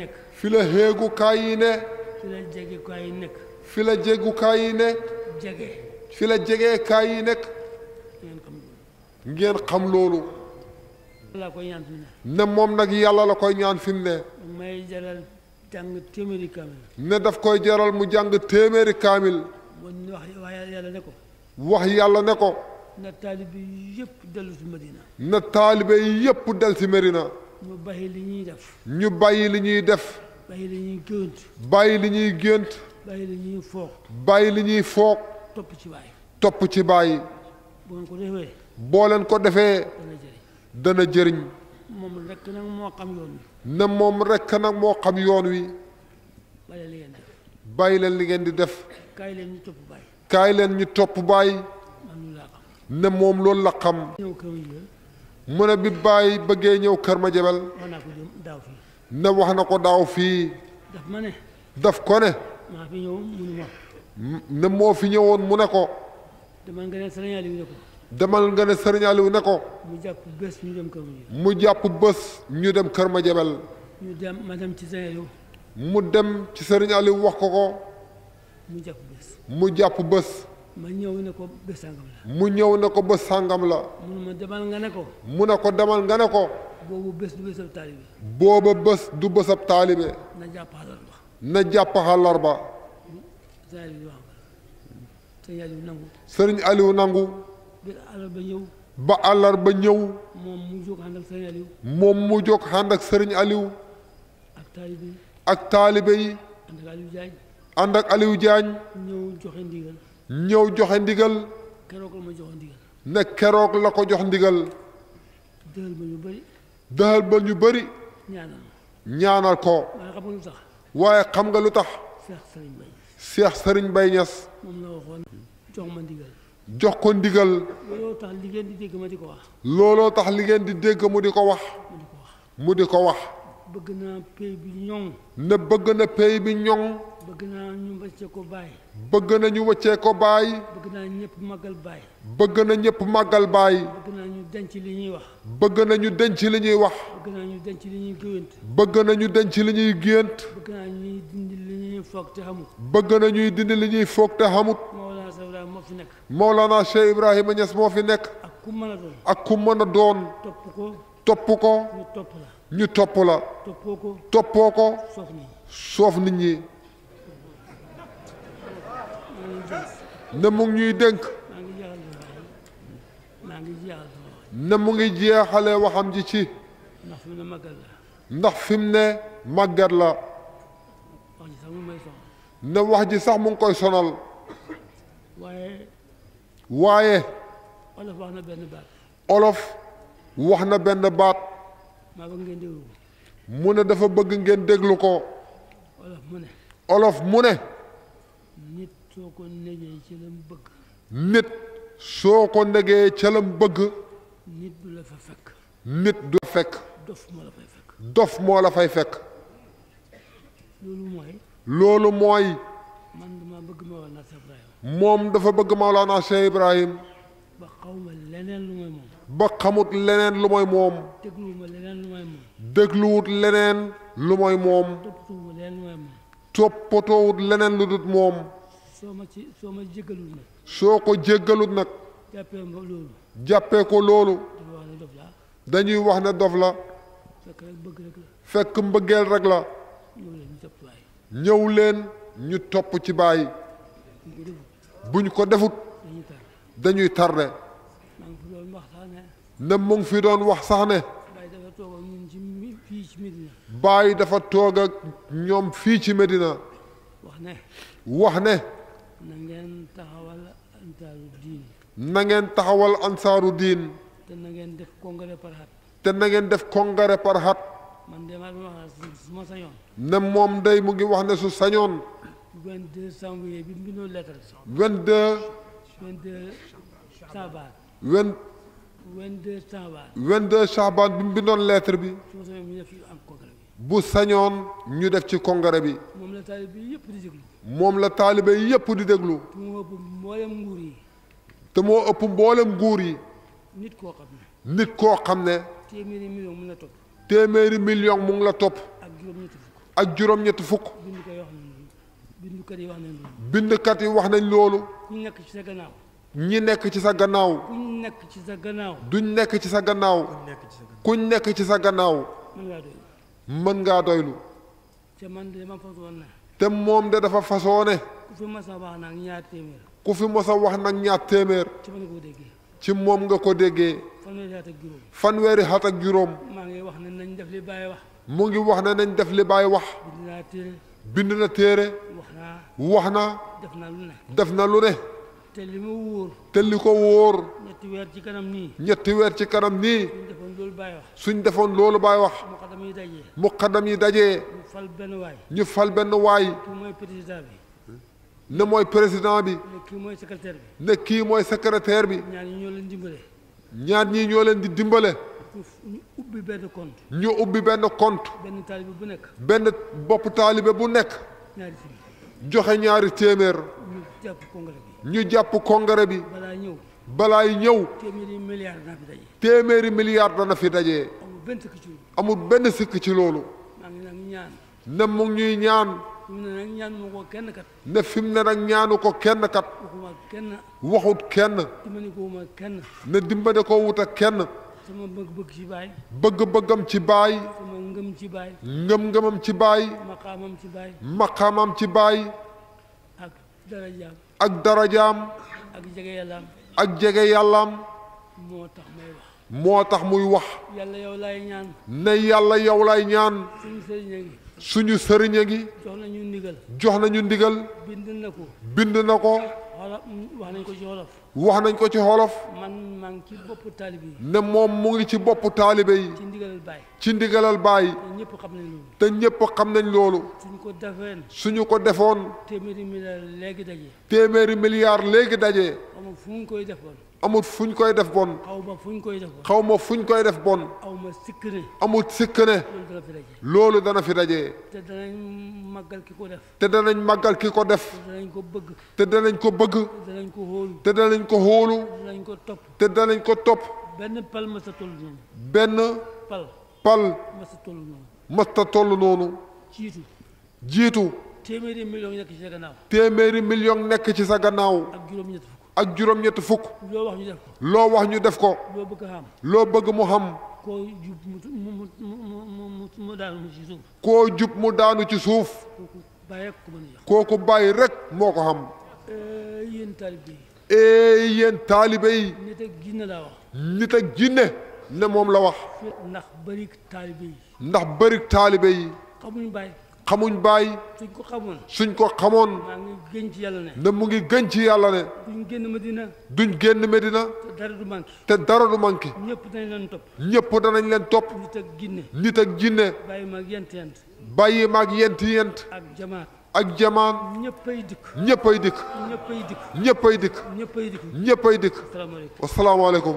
nekk. fi la xéegukaay yi ne. fi la jégukaay yi nekk. fi la jégukaay yi ne. jege. fi la jegeekaay yi nekk. ngeen xam loolu. ngeen xam loolu. yàlla ne. moom nag yàlla la koy ñaan fi mu ne. may jaral jàng téeméeri kaamil. ne daf koy jaral mu jàng téeméeri kaamil. mu wax yàlla ne ko. wax yàlla ne ko. na taalibe yëpp dellu si Medina. na taalibe yëpp dellu si Medina. ñu bàyyi li ñuy def. ñu bàyyi li ñuy def. bàyyi li ñuy gént. bàyyi li ñuy gént. bàyyi foog. bàyyi li ñuy foog. topp ci bàyyi. topp ci bàyyi. boo leen ko defee. boo leen dana jëriñ. moom rek nag moo ne moom rek nag moo xam yoon wi. bàyyi leen li ngeen di def. bàyyi leen kaay leen ñu topp bàyyi. ne moom loolu la xam. mu ne bi bàyyi bëggee ñëw kër ma jabal. ne wax na ko daaw fii. daf ma ne. daf ko ne. maa fi ñëw mu ma. ne moo fi ñëwoon mu ne ko. demal nga nga ne sëriñ Aliou ne ko. mu jàpp bés ñu mu jàpp bés ñu dem kër ma jebel. ñu dem ma ci sëriñ Aliou. dem ci sëriñ wax ko ko. mu jàpp jàpp bés. ma ñëw ne ko mu ñëw ne ko bés sàngam la. nga ne ko. mu ne ko demal nga ne ko. boobu bés du bésab taalibe. booba bés du bésab taalibe. na jàpp àllarba. na jàpp àllarba. sëriñ Aliou nangu. sëriñ Aliou nangu. ba àllarba ñëw. ba àllarba ñëw. moom mu jóg ànd ak sëriñ Aliou. ak taalibe yi. ak ak Aliou Diagne. ànd joxe ndigal. ñëw keroog la jox ndigal. ko jox ndigal. daal ba ñu bëri. ñaanal ñaanal ko. waaye xam nga lu tax. Seex Sëriñ Bay Ñas. moom la jox ma ndigal. jox ko ndigal. looloo tax li ngeen di dégg mu di ko wax. looloo tax li ngeen di dégg mu di ko wax. mu di ko wax. bëgg naa pay bi ñoŋ. ne bëgg na pay bi ñoŋ. bëgg naa ñu wëccee ko baay. bëgg na ñu wëccee ko baay. bëgg naa ñëpp màggal baay. bëgg na ñëpp màggal baay. bëgg na ñu denc li ñuy wax. bëgg na ñu denc li ñuy wax. ñu denc gént. bëgg na ñu denc li ñuy gént. bëgg na ñuy li ñuy foog te xamut. bëgg na ñuy dindi li ñuy foog te xamut. moo fi nekk. Mawlana Cheikh Ibrahima Niass moo fi nekk. ak ku mën a doon. ak ku topp ko. ñu topp la. toppoo ko. soof nit ñi. soof ñuy dénk. ne mu ngi jeexale waxam ji ci ndax fi mu ne màggat la ndax fi mu ne màggat la wax ji sax mu may sonal ne wax ji sax mu ngi koy sonal waaye waaye olof wax na benn baat olof wax na benn baat maa bëgg ngeen déglu mu ne dafa bëgg ngeen déglu ko olof mu ne olof mu ne nit soo ko negee ca lam bëgg nit soo ko negee ca lam bëgg nit du fekk. dof mo la fay fekk. lolu moy la fay man dama bëgg Mawlana Cheikh Ibrahim. moom dafa bëgg Mawlana Cheikh Ibrahim. ba xamuma leneen lu mooy moom. ba xamut leneen lu moy mom dégluwuma leneen lu mooy moom. dégluwut leneen lu moy mom topoto wut leneen lu dut mom soo ci soo jéggalut nak soo ko jéggalut nag. jàppee ko loolu. jàppee ko loolu. dañuy wax ne dof la fekk mbëggeel rek la ñëw leen ñu topp ci baay buñ ko defut dañuy tarde ne mu ngi fi doon wax sax ne baay dafa toog ak ñoom fii ci Medina wax ne na ngeen taxawal ansaaru diin ngeen def te na ngeen def congrès par at. man de maa ngi wax su ne moom day mu ngi wax ne su sañoon. 22 janvier bi mu bindoon lettre. 22. 22 Saabaan. 20. 22 Saabaan. 22 Saabaan bi mu bindoon lettre bi. su ma bu sañoon ñu def ci congrès bi. moom la taalibe yëpp di déglu. la taalibe yëpp di déglu. te moo ëpp mboolem nguur yi. te moo ëpp mboolem nguur yi. nit koo xam ne. téeméeri million mu ngi la topp. mu ngi la topp. ak juróom-ñetti fukk. ak juróom-ñetti fukk. bindkat yi wax nañ loolu. bindkat yi wax nañ loolu. ku nekk ci sa gannaaw. ñi nekk ci sa gannaaw. nekk ci sa gannaaw. duñ nekk ci sa gannaaw. kuñ nekk ci sa gannaaw. mën ngaa doylu. te man de na. te moom de dafa fasoone. ne fi mos a wax ku fi mos wax nag ñaar téeméer. ci moom nga ko déggee. fanweeri at ak juróom. fanweeri at ak juróom. maa ngi wax ne nañ def li Baye wax. mu ngi wax ne nañ def li Baye wax. bind na téere. wax na def na lu ne. te li ko wóor. ñetti weer ci kanam nii. suñ defoon loolu Baye wax. suñ yi dajee. ñu fal benn waay. ne mooy président bi. ne kii mooy secrétaire bi. ñaar ñi ñoo leen di dimbale. ñu ubbi benn compte. ñu ubbi benn compte. benn bu nekk. benn bopp taalibe bu nekk. joxe ñaari téeméer. ñu jàpp congrès bi. bi. ñëw. balaay ñëw. téeméeri milliard dana fi daje. téeméeri milliard amul benn sikk ci loolu. amul ñuy ñaan. mu ne nag ñaanu ko fi mu ne ñaanu ko kenn kat. kenn. waxut kenn. dimbali ko kenn. ne dimbali ko wuta kenn. sama bëgg-bëgg ci baay. bëgg-bëggam ci baay. sama ngëm ci baay. ngëm ci baay. maqaamam ci baay. ak darajaam. ak jege yàllaam. moo tax may wax. moo tax muy wax. yàlla yow ne yàlla yow laay ñaan. suñu sëriñ a ngi. jox nañu ndigal. jox nañu ndigal. bind na ko. bind na ko. wax nañ ko ci xolof. wax nañ ko ci xolof. man maa ci boppu taalibe yi. ne moom mu ngi ci boppu taalibe yi. ci ndigalal baay. ci ndigalal baay. te ñëpp xam nañ loolu. te ñëpp xam nañ loolu. suñu ko defeen. suñu ko defoon. téeméeri milliard léegi daje. téeméeri milliard léegi daje. fu mu koy defoon. amul fuñ koy def bon. xaw ma fuñ koy def bon. xaw ma fuñ koy def bon. amul sikk ne. amul sikk ne. loolu dana fi daje. te danañ màggal ki ko def. te danañ màggal ki ko def. te danañ ko bëgg. te danañ ko bëgg. te danañ ko hóolu. te danañ ko hóolu. te danañ ko topp. te danañ ko topp. benn pal mës a toll noonu. benn. pal pal. mës a toll noonu. mës a toll noonu. jiitu. jiitu. téeméeri million nekk ci sa gannaaw. téeméeri million nekk ci sa gannaaw. ak juróom-ñett ak juróom-ñetti fukk. loo wax ñu def ko. loo wax ñu def ko. loo bëgg xam. loo bëgg mu xam. koo jub mu mu mu daanu ci suuf. koo jub mu daanu ci suuf. kooku bàyyi rek moo ko xam. yéen talibé yi. yéen talibé yi. nit ak jinne laa wax. nit ak jinne ne moom la wax. ndax bëri talibé yi. ndax bëri talibé yi. xamuñu bàyyi. xamuñ bàyyi. suñ ko xamoon. suñ ko xamoon. maa ngi gën ci yàlla ne. ne gën ci yàlla duñ génn Medina. duñ génn Medina. te dara du manqué. te dara du manqué. ñëpp danañ leen topp. ñëpp danañ leen topp. nit ak jinne. nit ak jinne. bàyyi maag yent yent. bàyyi maag ak jamaat. ak jamaan. ñëppay dikk. ñëppay dikk. ñëppay dikk. ñëppay dikk. ñëppay dikk. ñëppay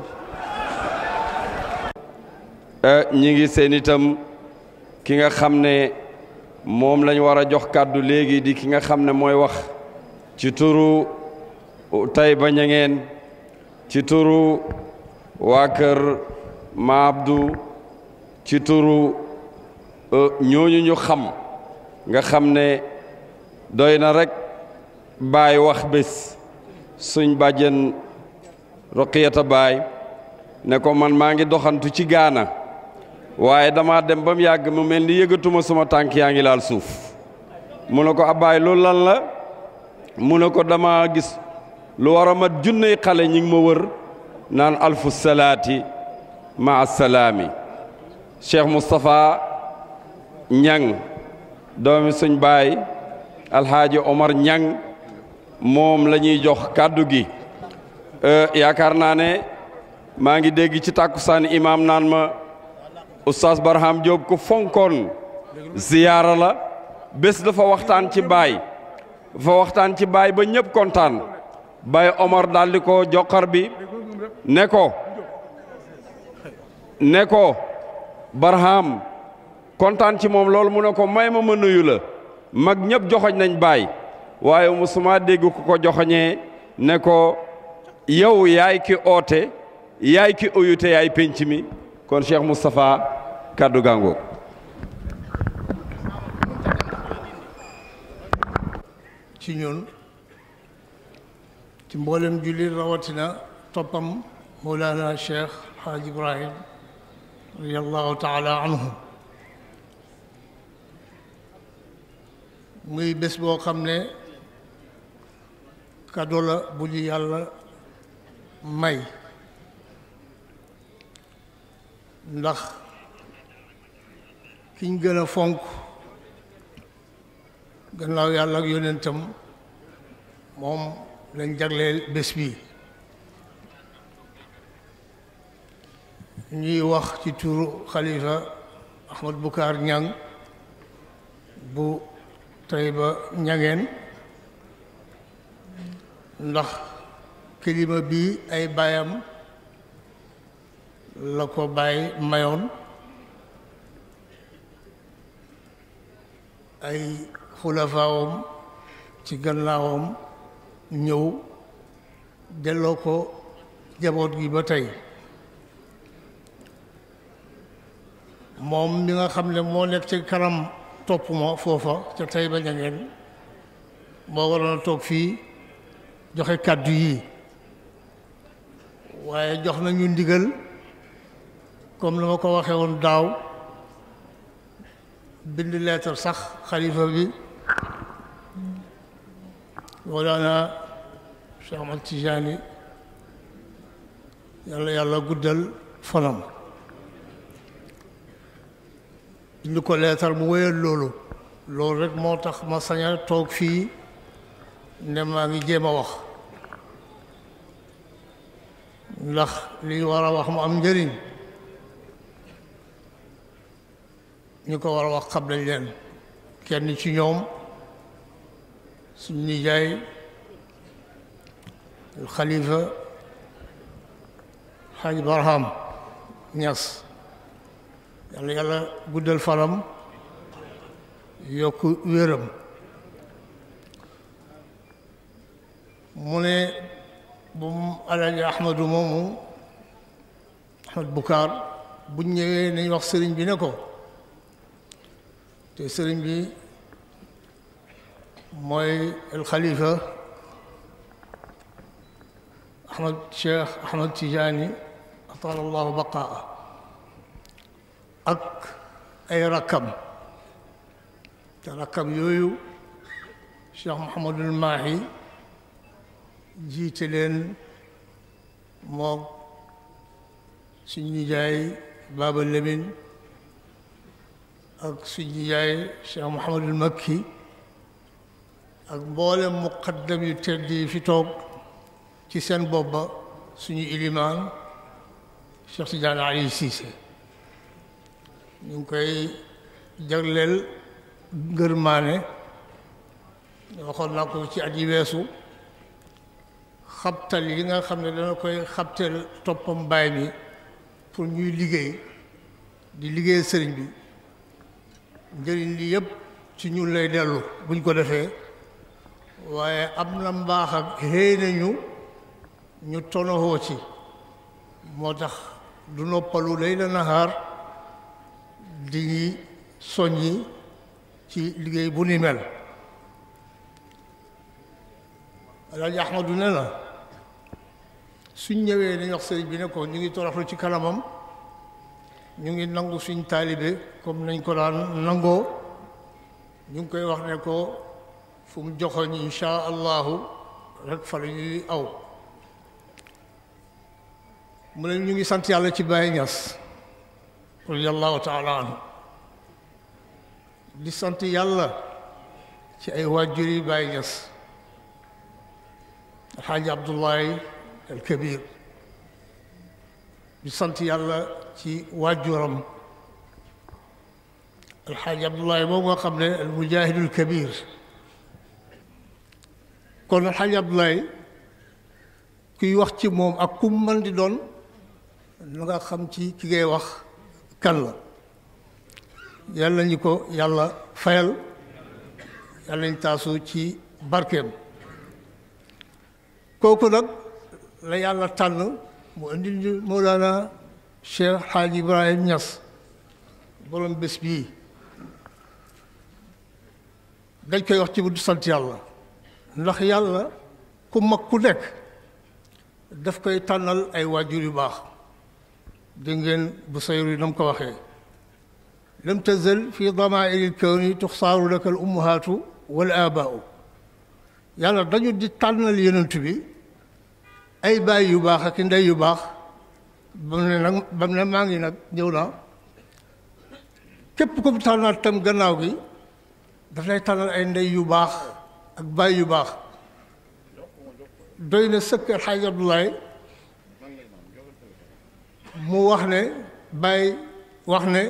eh, ngi seen itam ki nga xam ne. moom lañ war a jox kàddu léegi di ki nga xam ne mooy wax ci turu Taïba Niangène ci turu waa kër Maabdu ci turu euh, ñooñu ñu xam nga xam ne doy na rek baay wax bés suñ bàjjen Roqiyata baay ne ko man maa ngi doxantu ci gaana waaye damaa dem ba mu yàgg mu mel ni yëgatuma suma tànk yaa ngi laal suuf mu ne ko abbaay loolu lan la mu ne ko dama gis lu war a mat junney xale ñi ma wër naan alfu salaati ma salaami cheikh moustapha ñang doomi suñ baay alhaaji omar ñang moom lañuy jox kàddu gi euh, yaakaar naa ne maa ngi dégg ci tàkkusaan imaam naan ma oustaz Barham Diop ku fonkoon ziyaara la bés dafa waxtaan ci baay dafa waxtaan ci baay ba ñëpp kontaan bay Omar daldi ko joxar bi ne ko ne ko Barham kontaan ci moom loolu mu ne ko may ma ma nuyu la mag ñëpp joxoñ nañ baay waaye musuma dégg ku ko joxoñee ne ko yow yaay ki oote yaay ki uyute yaay pénc mi kon Cheikh Moustapha kàddu ci ñun ci mboolem jullit rawatina toppam Mawlana Cheikh Hadj Ibrahim radiyallahu taala anhu muy bés boo xam ne kado la bu ñu yàlla may ndax ki ñu gën a fonk gannaaw yàlla ak yonentam moom lañ jagle bés bi ñuy wax ci turu xalifa Ahmad Bukaar Ñang bu Tayba Ñangeen ndax kilima bi ay baayam la ko bàyyi mayoon ay xulafaawam ci gannaawam ñëw delloo ko jaboot gi ba tey moom mi nga xam ne moo nekk ci kanam topp ma foofa ca tey ba ngeen moo waroon a toog fii joxe kàddu yi waaye jox nañu ndigal comme ni ma ko waxee woon daaw بن الله ترسخ خليفه بي مولانا الشيخ محمد التجاني يلا يلا قدل فلم نكو ليتر مويل لولو لول رك موتاخ ما سانيا توك في نما مي جيما واخ نخ لي ورا واخ ما ام جرين ñi ko war a wax xam nañ leen kenn ci ñoom suñ nijaay alxalifa xaaj barham ñas yàlla yàlla guddal fanam yokk wéram mu ne bu mu alaaji ahmadu moomu ahmad bukaar buñ ñëwee nañ wax sëriñ bi ne ko te sëriñ bi mooy el xalifa ahmad cheikh ahmad tijaani atala allahu baqaa ak ay rakkam te rakkam yooyu cheikh mohamadul maahi jiite leen moog suñu nijaay baaba lemin ak suñu yaay Cheikh Mouhamadul Makki ak mboolem muqaddam yu tedd yi fi toog ci seen bopp ba suñu ilimaan Cheikh Tidiane Ali Cissé ñu ngi koy jagleel ngërmaane waxoon naa ko ci at yi weesu xabtal yi nga xam ne dana koy xabtal toppam baay mi pour ñuy liggéey di liggéey sëriñ bi njëriñ li yëpp ci ñun lay dellu buñ ko defee waaye am na mbaax ak ñu ñu tonoxoo ci moo tax du noppalu lay la naxaar di ñi soññi ci liggéey bu ni mel alaaji ahmadu ne na suñ ñëwee nañ wax sëriñ bi ne ko ñu ngi toroxlu ci kanamam ñu ngi nangu suñ taalibe comme nañ ko daan nangoo ñu ngi koy wax ne ko fu mu joxoñ insha allahu rek fa la ñuy aw mu ne ñu ngi sant yàlla ci Baye Niass radiallahu taala anhu di sant yàlla ci ay waajuri Baye Niass alxaaji Abdoulaye al di sant yàlla ci waajuram alxaaji abdullahi moom nga xam ne al mujahidul kabir kon alxaaji abdullahi kuy wax ci moom ak kum man di doon na nga xam ci ki ngay wax kan la yàlla ñu ko yàlla fayal yàlla ñu taasu ci barkeem kooku nag la yàlla tànn مولانا مولانا الشيخ حاج ابراهيم نص بروم بس بي دنج كاي وخ تي بود سنت يالا نخ يالا كو مكو نيك داف كاي تانال اي واجور يو باخ دي نين بو سيرو نم كو واخي لم تزل في ضمائر الكون تخصار لك الامهات والاباء يالا دنجو دي تانال يننتبي ay baay yu baax ak i ndey yu baax bam ne nag bam ne maa ngi nag ñëw na képp ko mu tànnaat tam gannaaw gi daf lay tànnal ay ndey yu baax ak baay yu baax doy na sëkk xaaj Abdoulaye mu wax ne baay wax ne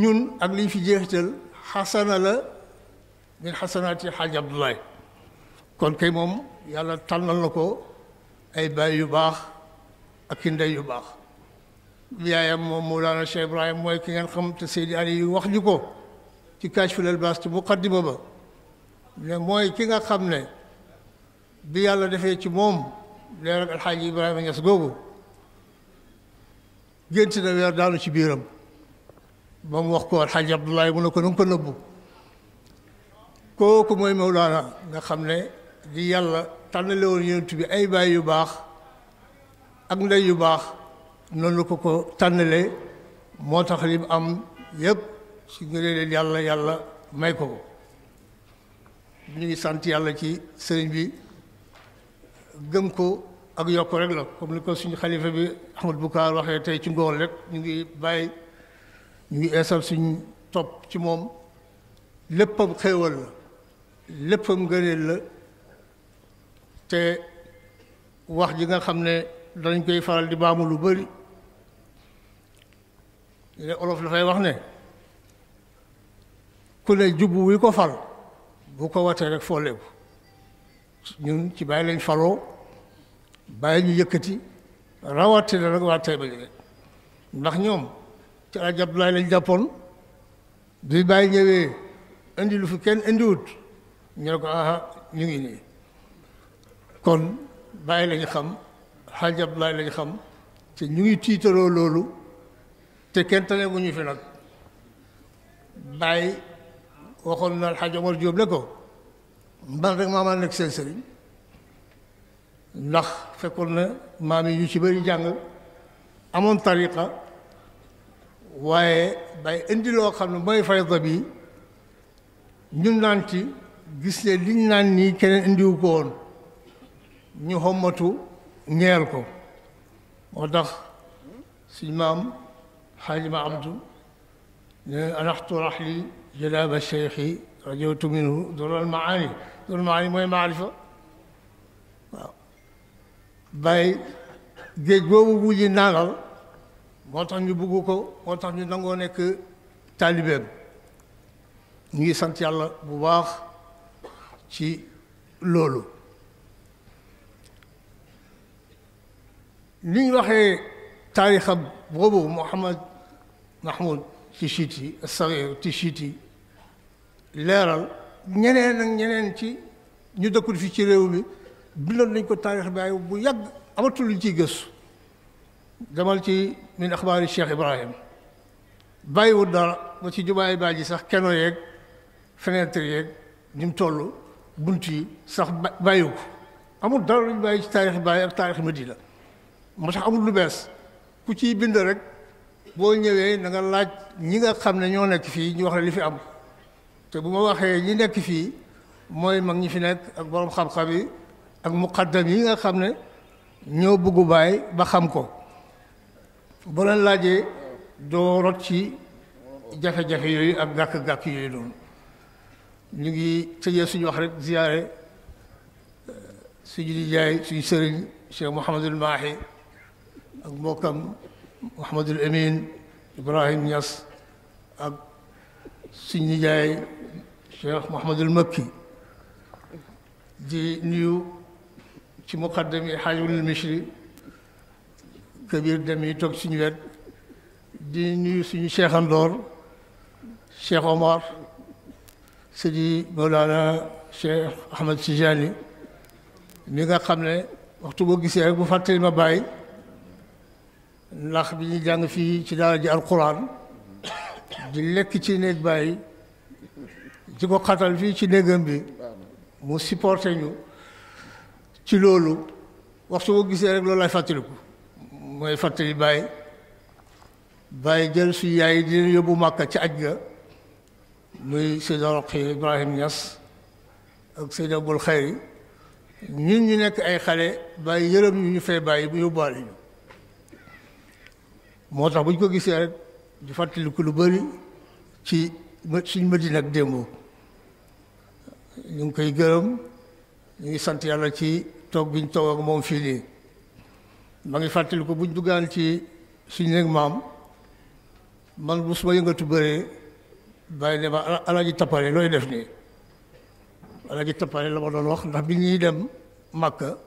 ñun ak liñ fi jeexital xasana la min xasanaati xaaj Abdoulaye kon kay mom yàlla tànnal nako ay baay yu bax ak i ndey yu bax yaayam mom moulana Cheikh Ibrahim moy ki ngeen xam te Seydi Ali wax ñu ko ci Kashful Albas te muqaddima ba le moy ki nga xam ne bi yàlla defé ci moom leer ak alxaaji Ibrahima Ñas googu gént na wër daanu ci biram bam wax ko alxaaji Abdoulaye mu ne ko nu ko nëbbu koku moy Mawlana nga xamne di yàlla tànnale woon bi ay baay yu baax ak ndey yu baax noonu ko ko tànnale moo tax li mu am yëpp si ngëneeleel yàlla yàlla may ko ko ñu ngi sant yàlla ci sëriñ bi gëm ko ak yokk rek la comme ni ko suñu xalifa bi Ahmad Bukaar waxee tey ci ngoon rek ñu ngi bàyyi ñu ngi eesal suñu topp ci moom léppam xéewal la léppam ngëneel la te wax ji nga xam ne danañ koy faral di baamu lu bari ne olof dafay wax ne ku ne jubbu wi ko fal bu ko watee rek fooleeku ñun ci bàyyi lañ faloo bàyyi ñu yëkkati rawatina nag waa tey ba ndax ñoom ci Alaaji Abdoulaye lañ jàppoon bi bàyyi ñëwee indi lu fi kenn indiwut ñu ne ko aha ñu ngi nii kon bàyyi lañ xam xaaj Abdoulaye lañ xam te ñu ngi tiitaroo loolu te kenn tane bu ñu fi nag bàyyi waxoon na xaaj Omar Diop la ko man rek maa ma nekk ndax fekkoon na maam yi ñu ci bëri jàng amoon tariqa waaye bay indi loo xam ne mooy fayda bi ñun naan ci gis ne liñ naan nii keneen indiwu ko woon ñu xommatu ñeel ko moo tax suñ maam xaalima abdu ne anaxtu raxli jalaaba cheikhi rajawtu minhu dural maani dural maani mooy maarifa waaw bàyyi géej boobu bu ji naanal moo tax ñu bugg ko moo tax ñu nangoo nekk taalibeem ñu ngi sant yàlla bu baax ci loolu لي واخي تاريخ بوبو محمد محمود تيشيتي الصغير تيشيتي ليرال نينين نك نينين تي ني دكول في تي ريو بي بلون نكو تاريخ باي بو ياغ اماتو لي تي گيس دمال تي من اخبار الشيخ ابراهيم باي ودا ما تي جوباي باجي صاح كانو ييك فنتر ييك نيم تولو بونتي صاح بايوكو امو دار باي تاريخ باي تاريخ مدينه moo amul lu bees ku ciy bind rek boo ñëwee na nga laaj ñi nga xam ne ñoo nekk fii ñu wax la li fi am te bu ma waxee ñi nekk fii mooy mag ñi fi nekk ak boroom xam-xam yi ak muqaddam yi nga xam ne ñoo bëggu baay ba xam ko boo laaje laajee ci jafe-jafe yooyu ak gàkk-gàkk yooyu noonu ñu ngi tëjee suñu wax rek ziyaare di jaay suñu sëriñ Cheikh Mouhamadul Mahi موكم محمد الامين ابراهيم ياس اب سيني شيخ محمد المكي دي نيو تي مقدمي حاج المشري كبير دمي توك سيني دي نيو سيني شيخ اندور شيخ عمر سيدي مولانا شيخ احمد سجاني ميغا خامل وقتو بو غيسي رك بو ناخ بي جان في تي دار القران دي لك تي نيك باي جيكو خاتال في تي نيغم بي مو سيبورتي نيو تي لولو واخسو غيسه رك لولا فاتلكو موي فاتلي باي باي جيل سي ياي دي يوبو مكه تي اجا موي سيدنا ابراهيم ياس اك سيدنا ابو الخير نين ني نيك اي خالي باي يرم ني ني فاي باي بيو بالي moo tax buñ ko gisee rek di fàttaliku lu bëri ci suñ madina ak démb ñu ngi koy gërëm ñu ngi sant yàlla ci toog biñ toog ak moom fii nii ma ngi fàttaliku buñ duggaan ci suñ néeg maam man bu suma yëngatu bëree bàyyi ne ma alaaji tappale looy def nii alaaji tappale la ma doon wax ndax bi ñuy dem màkka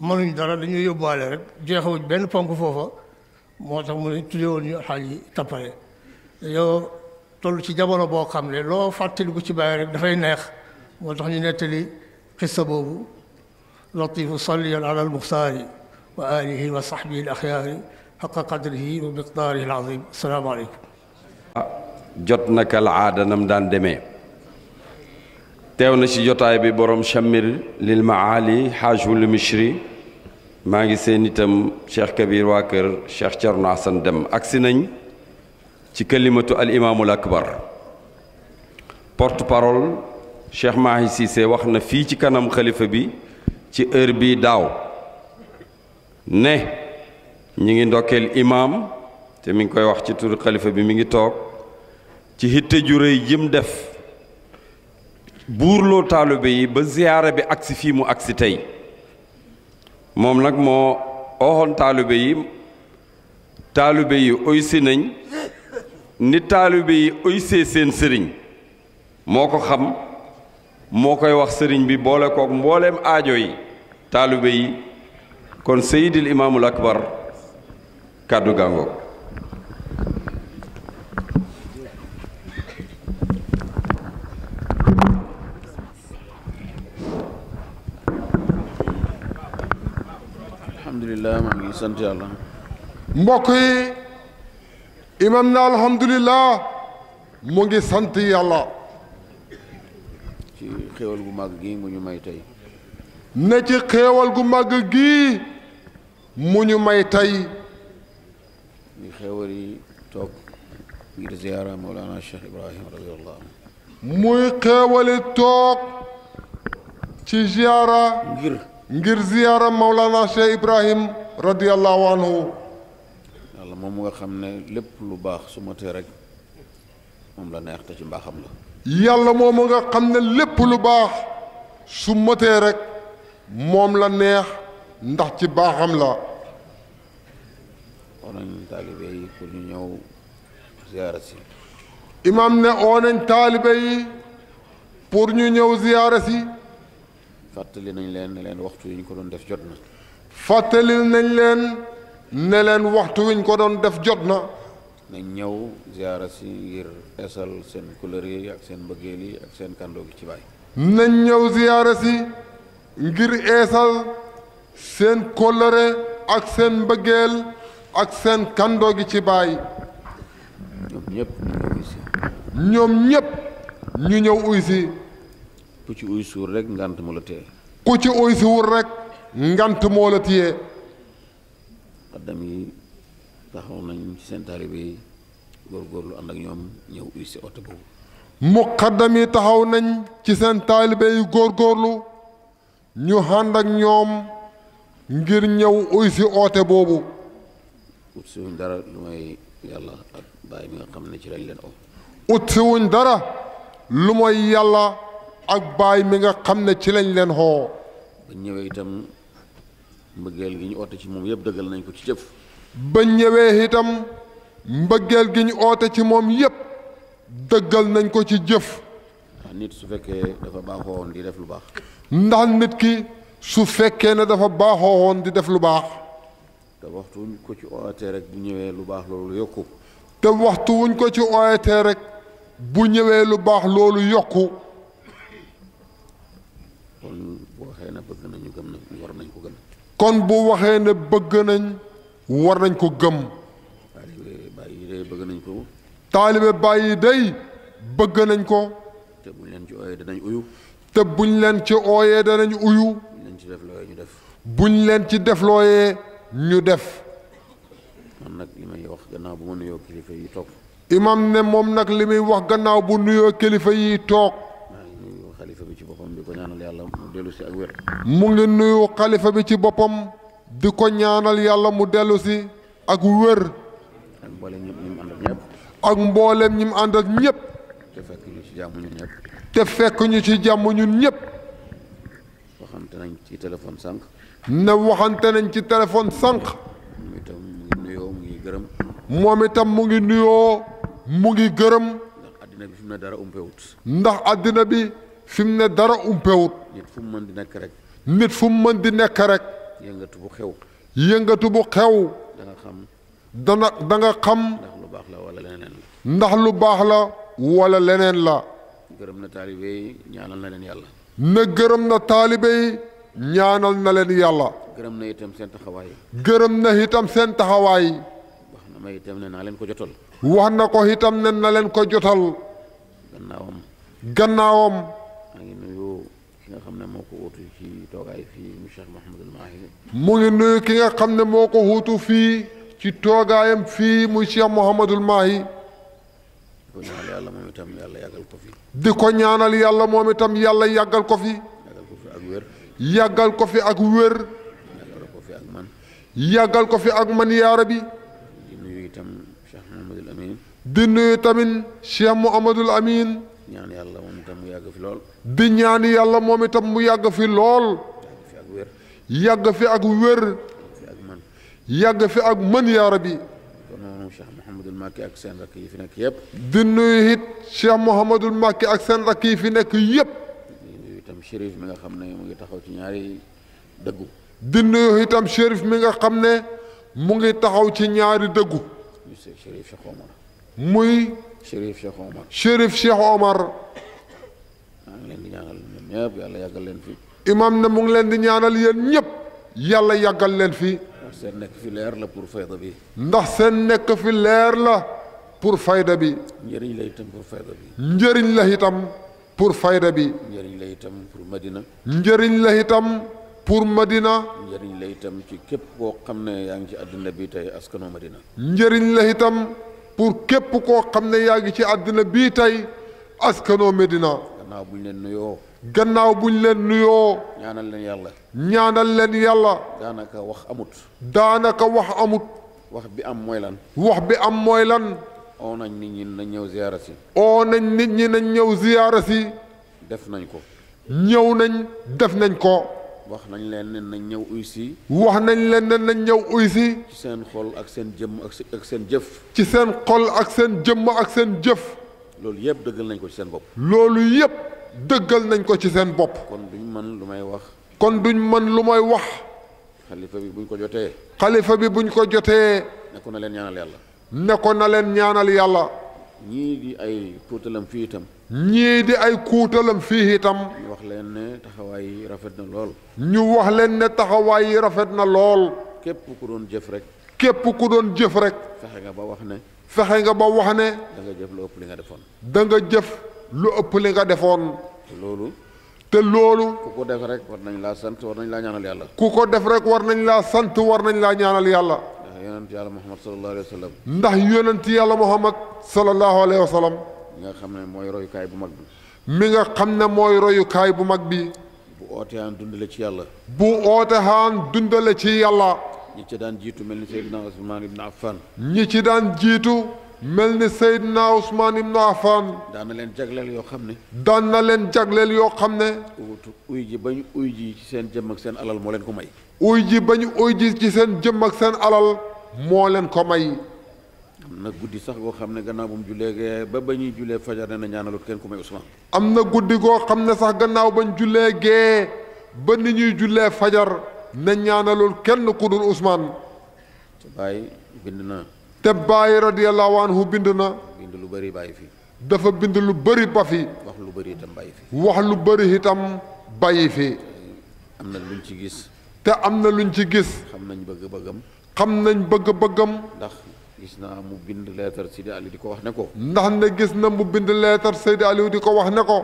mënuñ dara dañuy yóbbaale rek jeexawuñ benn ponk foofa moo tax mu ne tuddee woon ñu xal yi tappale yow toll ci jamono boo xam ne loo fàttaliku ci bàyyi rek dafay neex moo tax ñu nettali xissa boobu latifu salliyan ala almuxtaari wa alihi wa sahbihi al axyaari xaqa qadrihi wa miqdaarihi al azim asalaamaaleykum jot na kal aada nam daan demee teew na ci jotaay bi borom chamir lil maali xaajul mishri maa seen itam Cheikh Kabir waa kër Cheikh Thierno Assane Deme agsi nañ ci kalimatu al imaamul akbar porte parole Cheikh Mahi Cissé wax na fii ci kanam xalifa bi ci heure bi daaw ne ñi ngi ndokkeel imaam te mi ngi koy wax ci turu xalifa bi mi ngi toog ci hitte ju rëy jëm def buurloo taalibe yi ba ziyaara bi agsi mu agsi tey moom nag moo ooxoon taalibe yi taalibe yi oysi nañ ni taalibe yi oysee seen sëriñ moo ko xam moo koy wax sëriñ bi boole kook mbooleem aajo yi taalibe yi kon seydil imaamul akbar kàddu gàngoog sant yàlla. mbokk yi imam na alhamdulilah mu ngi sant yàlla. ci xéewal gu màgg gii mu ñu may tey. ne ci xéewal gu màgg gi mu ñu may tey. muy xéewal toog ngir ziyaara Mawlana Cheikh Ibrahim muy xéewali toog ci ziyaara. ngir ziyaara Mawlana Cheikh Ibrahim. رضي الله عنه moom mu nga xam ne lépp lu baax su matee rek moom la neex te ci mbaaxam la yàlla moom nga xam ne lépp lu baax su matee rek moom la neex ndax ci pour ñu ñëw ziyaara pour ñu ñëw si nañ leen ne leen waxtu yi ñu ko doon def jot na fàttalil nañ leen ne leen waxtu wiñ ko doon def jot na nañ ñëw ziyaara si ngir esal seen couleur ak seen mbëggeel yi ak seen kàndoo gi ci baay nañ ñëw ziyaara si ngir eesal seen kóllëre ak seen mbëggeel ak seen kàndoo gi ci baay ñoom ñëpp ñu ñëw uy si ku ci uy suur rek ngànt mu la tee ku ci uy si rek ngant moo la téye xaddam yi taxaw nañ ci seen taalibe yi góorgóorlu ànd ak ñoom ñëw taxaw nañ ci seen taalibe yi góorgóorlu ñu ànd ak ñoom ngir ñëw uy si oote boobu ut si wuñ dara lu mooy yàlla ak baay mi nga xam ne ci lañ leen yàlla ak baay mi nga xam ne ci lañ leen xoo ba mbëggeel gi ñu oote ci moom yëpp dëggal nañ ko ci jëf ba ñëwee itam mbëggeel gi ñu oote ci moom yëpp dëggal nañ ko ci jëf ndax nit su fekkee dafa baaxoo woon di def lu baax ndax nit ki su fekkee ne dafa baaxoo woon di def lu baax te waxtu wuñ ko ci ooyatee rek bu ñëwee lu baax loolu yokku te waxtu ko ci ooyatee rek bu ñëwee lu baax loolu yokku kon boo xëy na bëgg nañu gëm na war nañ ko gëm kon bu waxee ne bëgg nañ war nañ ko gëm bëgg nañ ko taalibe bàyyi day bëgg nañ ko te buñ leen ci ooyee danañ uyu te buñ leen ci ooyee danañ uyu buñ ci def ñu def buñ leen ci def looyee ñu def man nag li ma nuyoo kilifa yi toog imam ne moom nag li muy wax gannaaw bu nuyoo kilifa yi toog si ak wér mu ngi nuyu xalifa bi ci boppam di ko ñaanal yàlla mu dellusi ak wér ak mbooleem ñi mu àndal ñëpp ak te fekk ñu ci jàmm ñun ñëpp te fekk ci jàmm ñun ñëpp waxante nañ ci téléphone sànq ne waxante nañ ci téléphone sànq moom itam mu ngi nuyoo mu ngi gërëm moom itam mu ngi nuyoo mu ngi gërëm ndax àddina bi fi ndax àddina bi fi mu ne dara umpewut nit fu mën di nekk rek nit fum mën di nekk rek yëngatu bu xew yëngatu xew da nga xam dana nga xam ndax lu baax la wala leneen la ndax lu baax la wala leneen la gërëm na taalibe yi ñaanal na leen yàlla na gërëm na taalibe yi ñaanal na leen yàlla gërëm na itam seen taxawaay gërëm na itam seen taxawaay wax na ma itam ne naa leen ko jotal wax na ko itam ne na leen ko jotal gannaawam mu ngi nuyu ki nga xam ne moo ko wuutu fii ci toogaayam fii muy Cheikh Mouhamadul Mahi di ko ñaanal yàlla moom itam yàlla yàggal ko fi. di ko ñaanal yàlla moom itam yàlla yàggal ko fi. yàggal ko fi ak wér. yàggal ko fi ak wér. yàggal ko fi ak man. yàggal ko fi ak man yaara bi. di nuyu itam Cheikh Mouhamadul Amin. di nuyu tamit Cheikh Mouhamadul Amin. ñaan yàlla moom itam mu yàgg fi lool. di ñaan yàlla moom itam mu yàgg fi lool. يغ في اك وير يغ في اك من يا ربي شيخ محمد الماكي اك سين راكي في نك ييب دي هيت شيخ محمد الماكي اك سين راكي في نك ييب تام شريف ميغا خامني موغي تاخاو تي نياري دغو دي نوي هيتام شريف ميغا خامني موغي تاخاو تي نياري دغو شريف شيخ عمر موي شريف شيخ عمر شريف شيخ عمر ngi ñaanal ñoom ñëpp imam na mu ngi leen di ñaanal yéen ñëpp yàlla yàggal leen fii seen nekk fi leer la pour fayda bi ndax seen nekk fi leer la pour fayda bi njëriñ la itam pour fayda bi njëriñ la itam pour fayda bi njëriñ la itam pour madina njëriñ la itam pour madina njëriñ la itam ci képp koo xam ne yaa ngi ci àddina bi tey askanoo madina njëriñ la itam pour képp koo xam ne yaa ngi ci àddina bii tey askanoo madina gannaaw buñ leen nuyoo gannaaw buñ leen nuyoo ñaanal leen yàlla ñaanal leen yàlla daanaka wax amut daanaka wax amut wax bi am mooy lan wax bi am mooy lan oo nañ nit ñi nañ ñëw ziyaara si oo nañ nit ñi nañ ñëw ziyaara si def nañ ko ñëw nañ def nañ ko wax nañ leen ne nañ ñëw uy si wax nañ leen ne nañ ñëw uy si ci seen xol ak seen jëmm ak seen jëf ci seen xol ak seen jëmm ak seen jëf loolu yëpp dëggal nañ ko ci seen bopp. loolu yëpp dëggal nañ ko ci seen bopp. kon duñ mën lu may wax. kon duñ mën lu may wax. xalifa bi buñ ko jotee. xalifa bi buñ ko jotee. nekkoon na leen ñaanal yàlla. nekkoon na leen ñaanal yàlla. ñii di ay kuutalam fii itam. ñii di ay kuutalam fii itam. ñu wax leen ne taxawaay yi rafet na lool. ñu wax leen ne taxawaay yi rafet na lool. képp ku doon jëf rek. képp ku doon jëf rek. fexe ba wax ne. fexe nga ba wax ne. da nga jëf lu ëpp li nga defoon. da nga jëf lu ëpp li nga defoon. loolu. te loolu. ku ko def rek war nañ laa sant war nañ laa ñaanal yàlla. ku def rek war nañ laa sant war nañ laa ñaanal yàlla. ndax yonent yàlla Muhammad sallallahu alayhi wa sallam. ndax yonent yàlla Muhammad sallallahu alayhi wa sallam. mi nga xam ne mooy royukaay bu mag bi. mi nga xam ne mooy royukaay bu mag bi. bu oote dundale ci yàlla. bu oote dundale ci yàlla. ñi ci daan jiitu mel ni Seydina Ousmane Ibn Affan. ñi ci daan jiitu mel ni Seydina Ousmane Ibn Affan. daan na leen jagleel yoo xam ne. daan na leen jagleel yoo xam ne. uy ji bañ uy ji ci seen jëm ak seen alal moo leen ko may. uy ji bañ uy ji ci seen jëmm ak seen alal moo leen ko may. am na guddi sax goo xam ne gannaaw bu mu jullee ba ba ñuy jullee fajar ne na ñaanalut kenn ku may Ousmane. am na guddi goo xam ne sax gannaaw bañ jullee gee ba ni ñuy na ñaanalul kenn ku dul Ousmane. te Baye bind na. te Baye radiyallahu anhu bind na. bind lu bëri bàyyi fi. dafa bind lu bëri ba fi. wax lu bëri itam bàyyi fi. wax lu bëri itam bàyyi fi. am na luñ ci gis. te am na luñ ci gis. xam nañ bëgg-bëggam. xam nañ bëgg-bëggam. ndax gis naa mu bind leetar Seydi Aliou di ko wax ne ko. ndax ne gis na mu bind leetar Seydi Aliou di ko wax ne ko.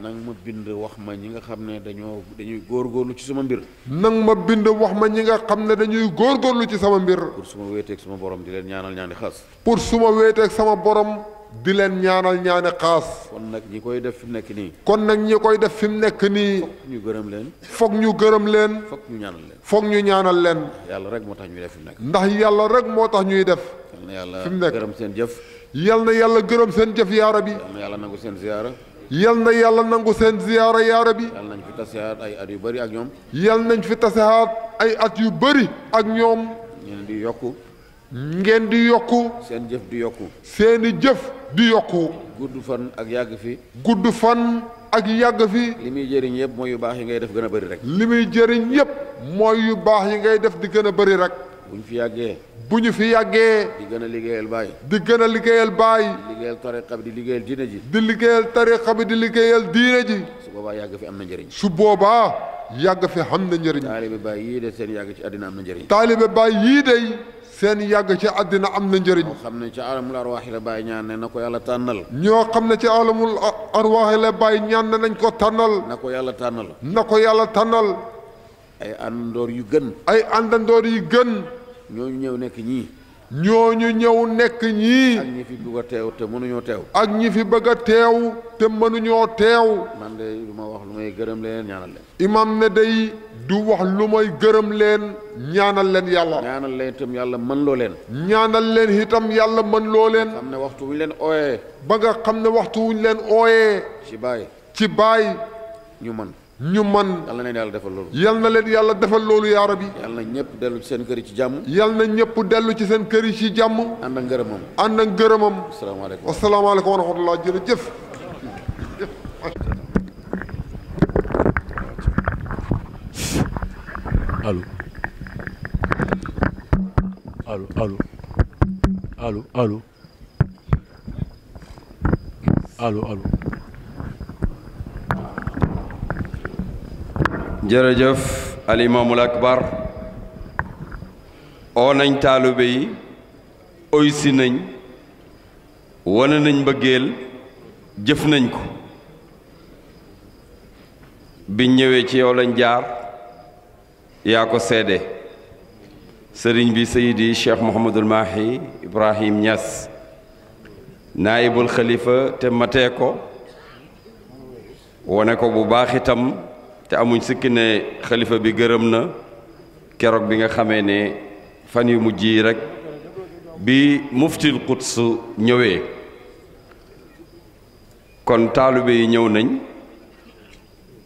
nang ma bind wax ma ñi nga xam ne dañoo dañuy góorgóorlu ci sama mbir nang bind wax ma ñi nga xam ne dañuy góorgóorlu ci sama mbir pour su ma wéeteeg sama borom di leen ñaanal ñaani xas pour su ma wéeteeg sama borom di leen ñaanal ñaani xaas kon nag ñi koy def fi mu nekk nii kon nag ñi koy def fi mu nekk nii foog ñu gërëm leen foog ñu gërëm leen foog ñu ñaanal leen foog ñu ñaanal leen yàlla rek moo tax ñuy def fi mu nekk ndax yàlla rek moo tax ñuy def fi nekk yàlla gërëm seen jëf yal na yàlla gërëm seen jëf yaa bi yàlla nangu seen ziyaara yal na yàlla nangu seen ziyaara yaara bi. yal nañ fi tasahaat ay at yu bëri ak ñoom. yal nañ fi tasahaat ay at yu bëri ak ñoom. ngeen di yokku. ngeen di yokk seen jëf di yokku. seeni jëf di yokk gudd fan ak yàgg fi. gudd fan ak yàgg fi. li muy jëriñ yëpp mooy yu baax yi ngay def gën a bari rek. li muy jëriñ yëpp mooy yu baax yi ngay def di gën a bëri rek. buñ fi yàgge bu fi yàggee. di gën a liggéeyal baay. di gën a liggéeyal baay. liggéeyal tariqa bi di liggéeyal diine ji. di liggéeyal tariqa bi di liggéeyal diine ji. su boobaa yàgg fi am na njëriñ. su boobaa yàgg fi am na njëriñ. taalibe baay yii de seen yàgg ci àddina am na njëriñ. taalibe baay yii de seen yàgg ci àddina am na njëriñ. ñoo xam ne ci alamul arwaax la baay ñaan ne na ko yàlla tànnal. ñoo xam ne ci alamul arwaax la baay ñaan ne nañ ko tànnal. na ko yàlla tànnal. na ko yàlla tànnal. ay àndandoor yu gën. ay àndandoor yu gën. ñooñu ñëw nekk ñii. ñooñu ñëw nekk ñii. ak ñi fi bëgg a teew te mënuñoo teew. ak ñi fi bëgg a teew te mënuñoo teew. man de ma wax lu may gërëm leen ñaanal leen. imam ne day du wax lu may gërëm leen ñaanal leen yàlla. ñaanal leen itam yàlla mën loo leen. ñaanal leen itam yàlla mën loo leen. xam ne waxtu wuñ leen ooyee. ba nga xam ne waxtu wuñ leen ooyee. ci baay. ci baay. ñu mën. ñu man yal na leen yàlla defal loolu. yal na leen yàlla defal loolu yaa rabbi. yal na ñëpp dellu ci seen kër yi ci jàmm. yal na ñëpp dellu ci seen kër yi ci jàmm. ànd ak ngërëmam. ànd ak ngërëmam. asalaamaaleykum asalaamaaleykum wa rahmatulah jërëjëf. allo allo allo allo allo jërëjëf alimaamul akbar oo nañ taalibe yi oysi nañ wane nañ mbëggeel jëf nañ ko biñ ñëwee ci yow lañ jaar yaa ko seede sëriñ bi sayidi cheikh mohamadul maahi ibrahim ñas naayibul xalifa te matee ko wone ko bu baax itam te amuñ sikki ne xalifa bi gërëm na keroog bi nga xamee ne fan yu mujj yi rek bi muftil su ñëwee kon taalibe yi ñëw nañ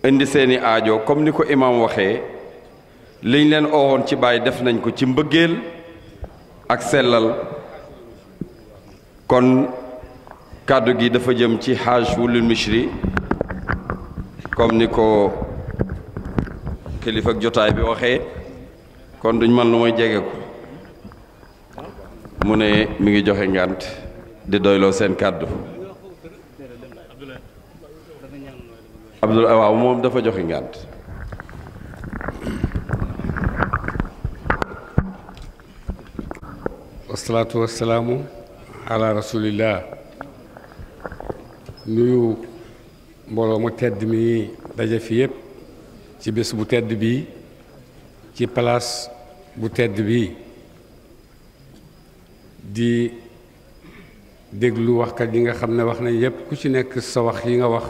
indi seeni aajo comme ni ko imaam waxee liñ leen oowoon ci baay def nañ ko ci mbëggeel ak sellal kon kàddu gi dafa jëm ci xaaj wulul mishri comme ni ko kilifa jotaay bi waxee kon duñ man lu mooy jege ko mu ne mi ngi joxe ngànt di doyloo seen kàddu Abdoul waaw moom dafa joxe ngànt wasalaatu wasalaamu ala rasulillah nuyu mbooloo mu tedd mi daje fi yépp ci bés bu bi ci place bu bi di déglu yi nga xam ne wax na yépp ku ci nekk sa wax yi nga wax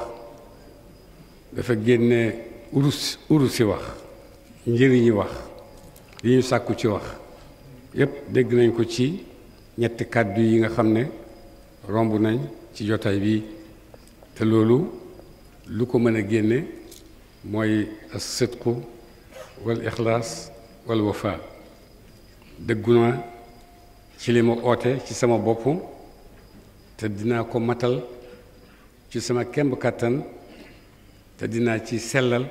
dafa génne urus urusi wax njëriñi wax li ñu ci wax yépp nañ ko ci yi nga ne nañ ci bi mooy as-sidqu wal ixlaas wal wafa dëggu naa ci li ma oote ci sama bopp te dinaa ko matal ci sama kemb kàttan te dinaa ci sellal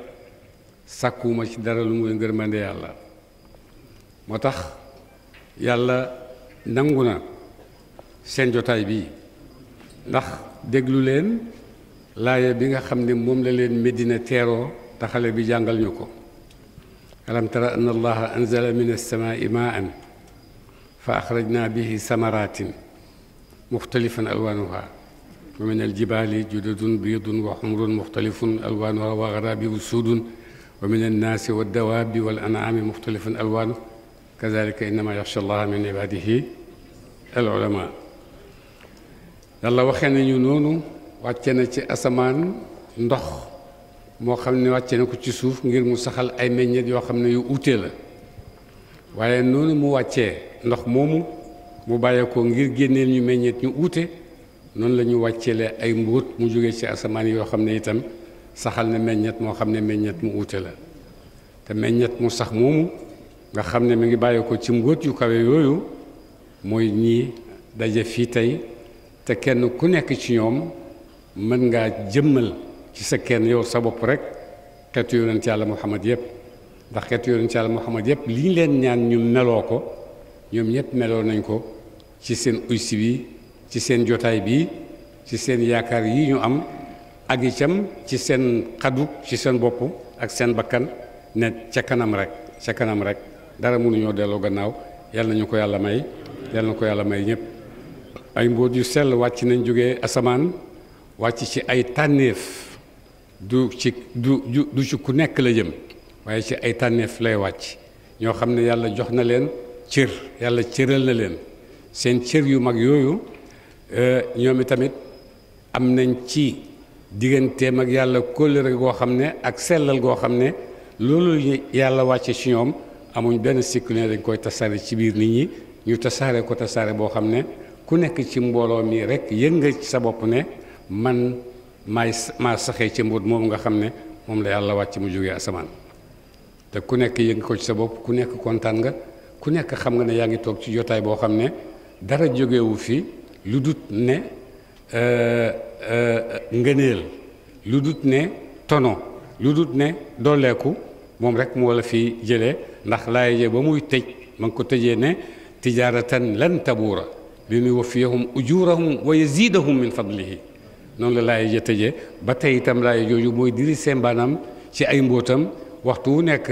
sàkkuwuma ci dara lu muy ngërmande yàlla moo tax yàlla nangu na seen jotaay bi ndax déglu leen laaya bi nga xam ne moom la leen medina teeroo te xale bi jàngal ñu ko alam tara an allaha anzala min alsamaai maan fa axrajna bihi samaratin muxtalifan alwanuha wa min aljibali judadun biidun wa xumrun muxtalifun alwanuha wa garabibu suudun wa min annaasi waddawaabi wal anaami muxtalifun alwanu kazalika innama yaxsha allaha min ibadihi al ulama yàlla waxee ñu noonu wàcce na ci asamaan ndox moo xam ne wàcce na ko ci suuf ngir mu saxal ay meññeet yoo xam ne yu uute la waaye noonu mu wàccee ndox moomu mu bàyyeekoo ngir génneel ñu meññeet ñu uute noonu la ñu wàccelee ay mbuut mu jóge ci asamaan yoo xam ne itam saxal na meññeet moo xam ne meññeet mu uute la te meññeet mu sax moomu nga xam ne mi ngi bàyyeekoo ci mbuut yu kawe yooyu mooy ñii daje fii tey te kenn ku nekk ci ñoom mën ngaa jëmmal ci sa kenn yow sa bopp rek xeetu yonent yàlla Muhammad yëpp ndax xeetu yonent yàlla Muhammad yëpp li ñu leen ñaan ñu meloo ko ñoom ñëpp meloo nañ ko ci seen uysi bi ci seen jotaay bi ci seen yaakaar yi ñu am ak itam ci seen xadu ci seen bopp ak seen bakkan ne ca kanam rek ca kanam rek dara mënuñoo delloo gannaaw yàlla nañu ko yàlla may yàlla na ko yàlla may ñëpp ay mbóot yu sell wàcc nañ jógee asamaan wàcc ci ay tànneef du ci du du ci ku nekk la jëm waaye ci ay tànneef lay wàcc ñoo xam ne yàlla jox na leen cër yàlla cëral na leen seen cër yu mag yooyu euh, ñoom itamit am nañ ci digganteem ak yàlla kóllëre goo xam ne ak sellal goo xam ne loolu yàlla wàcce ci ñoom amuñ benn sikku ne dañ koy tasaare ci biir nit ñi ñu tasaare ko tasaare boo xam ne ku nekk ci mbooloo mii rek yënga ci sa bopp ne man maay maa saxee ci mbóot moomu nga xam ne moom la yàlla wàcc mu jógee asamaan te ku nekk yëngi ko ci sa bopp ku nekk kontaan nga ku nekk xam nga ne yaa ngi toog ci jotaay boo xam ne dara jógewu fi lu dut ne euh, euh, ngëneel lu dut ne tono lu dut ne dooleeku moom rek moo la fi jële ndax laa jë ba muy tëj ma ko tëjee ne tijaaratan lan muy wax nuy wafiyahum ujurahum wa yazidahum min fadlihi noonu la laay ja tëjee ba tey itam laay jooju mooy diri seen ci ay mbóotam waxtu wu nekk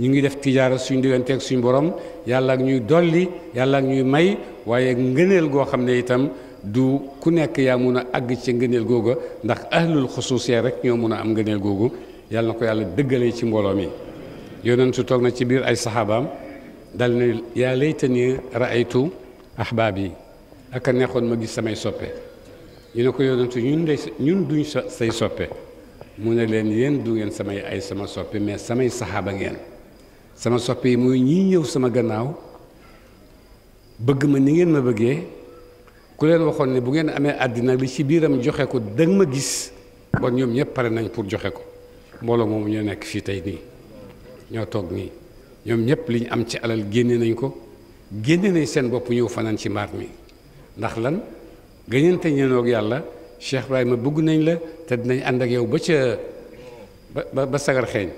ñu ngi def tijaara suñ diggante ak suñ borom yàlla ak ñuy dolli yàlla ak ñuy may waaye ngëneel goo xam ne itam du ku nekk yaa mun a àgg ci ngëneel googu ndax ahlul xusuusiya rek ñoo mun a am ngëneel googu yàlla na ko yàlla dëggalee ci mbooloo mi yonentu toog na ci biir ay saxaabaam dal na yaa laytani raaytu ahbaab yi aka neexoon ma gis samay soppe ñu ne ko yonentu ñun de ñun duñ say soppe mu ne leen yéen du ngeen samay ay sama soppe mais samay saxaaba ngeen sama soppe yi muy ñii ñëw sama gannaaw bëgg ma ni ngeen ma bëggee ku leen waxoon ne bu ngeen amee àddina li ci biiram joxe ko danga ma gis bon ñoom ñëpp pare nañ pour joxe ko mbooloo moomu ñoo nekk fii tey nii ñoo toog nii ñoom ñëpp li ñu am ci alal génne nañ ko génne nañ seen bopp ñëw fanaan ci mbaar mi ndax lan gëñante ñenoog yàlla Cheikh Ibrahima bëgg nañ la te dinañ ànd ak yow ba ca ba ba sagar xeeñ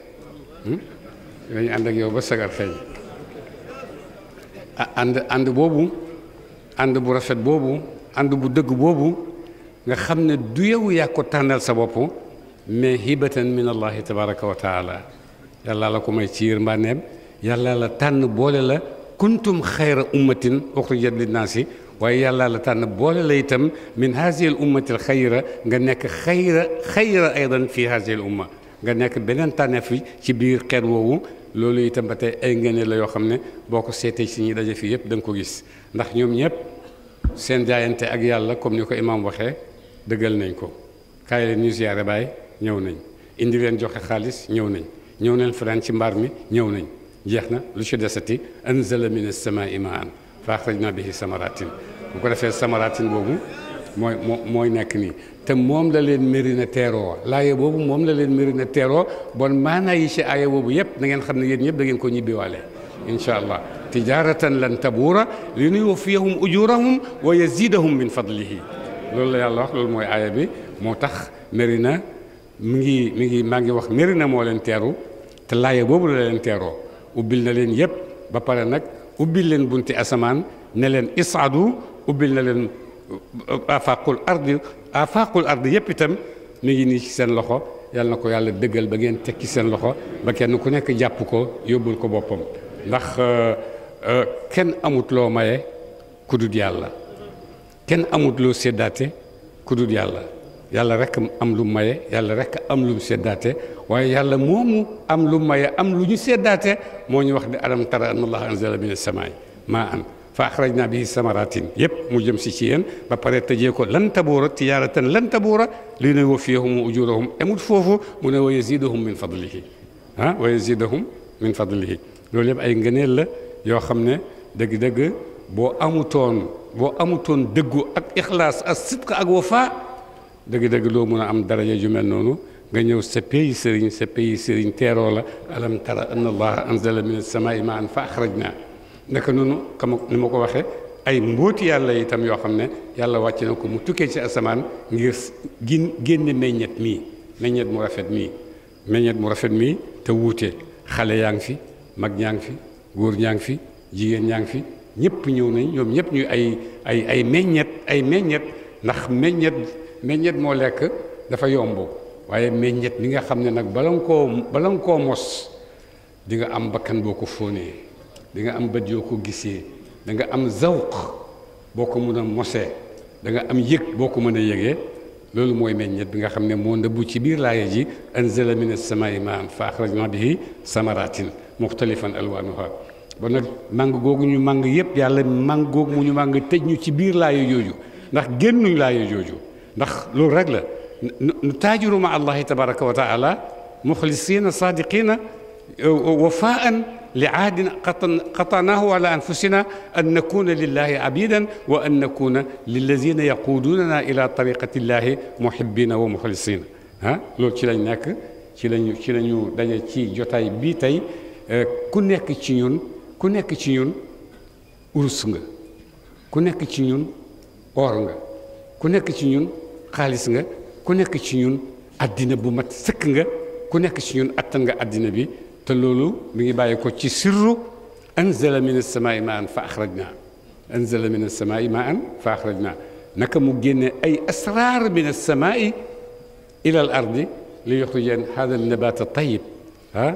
dinañ ànd ak yow ba sagar xeeñ ànd ànd boobu ànd bu rafet boobu ànd bu dëgg boobu nga xam ne du yow yaa ko tànnal sa bopp mais hibatan min allahi tabaraka wa taala yàlla la ko may ciir yërmandeem yàlla la tànn boole la kuntum xayra ummatin uxrijat linnaasi waaye yàlla la tànn boole la itam min hazihi al ummati al xayra nga nekk xayra xayra aydan fi hazihi al umma nga nekk beneen tànneef fi ci biir xeet woowu loolu itam ba tey ay ngëneel la yoo xam ne boo ko seetee si ñi daje fii yëpp da nga ko gis ndax ñoom ñëpp seen jaayante ak yàlla comme ni ko imaam waxee dëggal nañ ko kaay leen ñu ziyaare baay ñëw nañ indi leen joxe xaalis ñëw nañ ñëw nañ fanaan ci mbaar mi ñëw nañ jeex na lu ci desati anzala min as-samaa'i maa'an فاخرجنا به ثمرات بوكو دافي ثمرات بوبو موي موي نيك ني تا موم لا لين ميرينا تيرو لا يي بوبو موم لا لين ميرينا تيرو بون ما ناي شي اي بوبو ييب دا نين خامني يين ييب دا نين كو نيبي والي ان شاء الله تجاره لن تبور لينوفيهم اجورهم ويزيدهم من فضله لول لا يالله لول موي اي بي موتاخ ميرينا ميغي ميغي ماغي واخ ميرينا مو تيرو تا لا لا لين تيرو وبيلنا لين ييب با بارا نك ubbil leen bunti asamaan ne leen isaadu ubbil na leen afaqul ardi afaqul ardi yëpp itam mi ngi nii ci seen loxo yàlla na ko yàlla dëggal ba ngeen tekki seen loxo ba kenn ku nekk jàpp ko yóbbul ko boppam ndax kenn amut loo maye ku dul yàlla kenn amut loo seddaate ku dul yàlla yàlla rek am lu maye yàlla rek am lu seddaate waaye yàlla moomu am lu maye am lu ñu seddaate moo ñu wax ne alam tara an allah anzala min as-samaa'i maa'an fa axrajna bihi samaratin yëpp mu jëm si ci yéen ba pare tëjee ko lan tabuura tijaaratan lan tabuura li ne wafiyahum ujurahum amul foofu mu ne wa yazidahum min fadlihi ha wa yazidahum min fadlihi loolu yëpp ay ngëneel la yoo xam ne dëgg-dëgg boo amutoon boo amutoon dëggu ak ixlaas ak sidq ak wafa dëgg-dëgg loo mun a am daraja ju mel noonu nga ñëw seppe yi sëriñ seppe yi sëriñ teeroo la alam tara anna allaha anzala min as-samaa'i ma'an fa akhrajna naka noonu comme ni ma ko waxee ay mbóoti yàlla itam yoo xam ne yàlla wàcc na ko mu tukkee ci asamaan ngir gin génne meññet mii meññet mu rafet mii meññet mu rafet mii te wuute xale yaa ngi fi mag ñaa ngi fi góor ñaa ngi fi jigéen ñaa ngi fi ñëpp ñëw nañ ñoom ñëpp ñu ay ay ay meññet ay meññet ndax meññet meññet moo lekk dafa yomb waaye meññet mi nga xam ne nag bala nga koo bala mos di nga am bakkan boo ko fóonee di nga am bët yoo ko gisee da nga am zawq boo ko mën a mosee da nga am yëg boo ko mën a yëgee loolu mooy meññet bi nga xam ne moo nëbbu ci biir laaya ji anzala mina samaa'i maa'an fa axrajnaa bihi samaratin muxtalifan alwaanuha ba nag màng googu ñu màng yëpp yàlla màng googu mu ñu màng tëj ñu ci biir laaya jooju ndax génnuñ laaya jooju ndax loolu rek la نتاجر مع الله تبارك وتعالى مخلصين صادقين وفاء لعهد قطعناه على انفسنا ان نكون لله عبيدا وان نكون للذين يقودوننا الى طريقه الله محبين ومخلصين ها لول تي لا نيك تي لا تي لا نيو داجي تي جوتاي بي تاي كو نيك ci نون كو نيك ci نون urus كو نيك nekk نون اورغا كو نيك ku نون خالصغا ku nekk ci ñun àddina bu mat sëkk nga ku nekk ci ñun attan nga àddina bi te loolu mi ngi bàyyi ko ci sirru anzala min as-samaa'i ma'an fa akhrajna anzala min as-samaa'i ma'an fa akhrajna naka mu génne ay asraar min as-samaa'i ila al-ardi li yukhrijan hadha an-nabat at-tayyib ha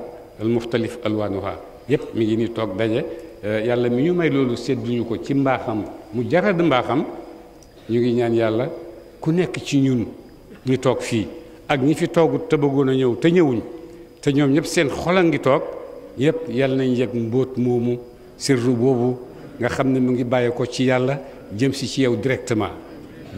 al-mukhtalif alwanuha yëpp mi ngi ni toog daje yàlla mi ñu may loolu sedduñu ko ci mbaaxam mu jarad mbaaxam ñu ngi ñaan yàlla ku nekk ci ñun ñi toog fii ak ñi fi toogut te bëggoon a ñëw te ñëwuñ te ñoom ñëpp seen xol ngi toog yëpp yàlla nañ yëg mbóot moomu sirru boobu nga xam ne mu ngi bàyyi ko ci yàlla jëm si ci yow directement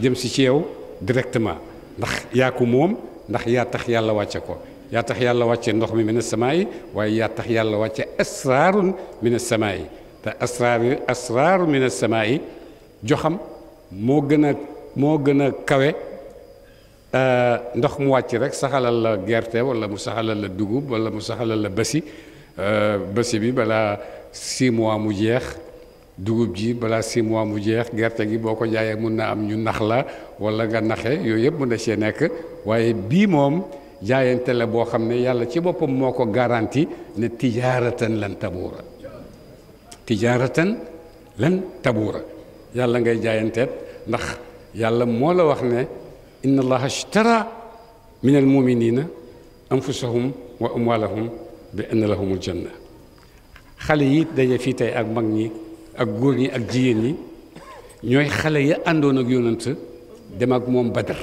jëm si ci yow directement ndax yaa ko moom ndax yaa tax yàlla wàcce ko yaa tax yàlla wàcce ndox mi mina samaayi waaye yaa tax yàlla wàcce asraarun mina samaayi te asraar asraaru mina samaayi joxam moo gën a moo gën a kawe Euh, ndox mu wàcc rek saxalal la gerte wala mu saxalal la dugub wala mu saxalal la basi euh, basi bi balaa six mu jeex dugub ji balaa six mu jeex gerte gi boo ko jaayee mun na am ñu nax la wala nga naxe yooyu yëpp mun na see nekk waaye bii moom jaayante la boo xam ne yàlla ci boppam moo ko garanti ne tijaaratan lan tabuura tijaaratan lan tabuura yàlla ngay jaayanteet ndax yàlla moo la wax ne إن الله اشترى من المؤمنين أنفسهم وأموالهم بأن لهم الجنة خلي دايا في تاي أك مغني أك غورني أك جييني نيوي خلي أندونا يوننت دم أك موم بدر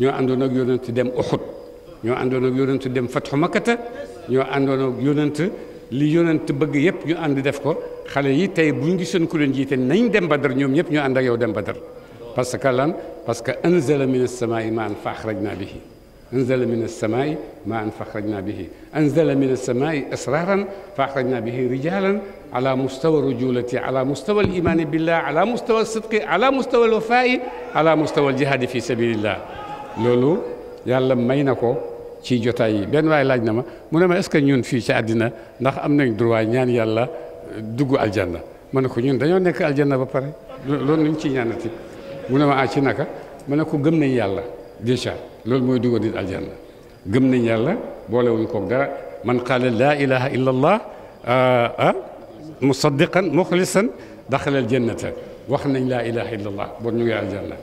نيو أندونا يوننت دم أخد نيو أندونا يوننت دم فتح مكة نيو أندونا يوننت لي يوننت بغي يب نيو أند دفكو خلي تاي بونجي سن كولن جيتن نين دم بدر نيوم يب نيو أندا يو دم بدر باسكو لان باسكو انزل من السماء ماء فاخرجنا به انزل من السماء ماء فاخرجنا به انزل من السماء اسرارا فاخرجنا به رجالا على مستوى الرجوله على مستوى الايمان بالله على مستوى الصدق على مستوى الوفاء على مستوى الجهاد في سبيل الله لولو يالا ماينكو شي جوتاي بن واي لاج نما مونما اسكو نيون في شي ادنا ناخ ام نك دروا نيان يالا دغو الجنه مانكو نيون دانيو نيك الجنه با لون نين شي نياناتي mu ne ma ah ci naka ma ne ko gëm nañ yàlla déjà loolu mooy dugal di aljanna gëm nañ yàlla boole wuñ koog dara man qaala laa ilaha illa allah ah, ah musaddiqan muxlisan daxalal jannata wax nañ laa ilaha illa allah bon ñu ngi aljanna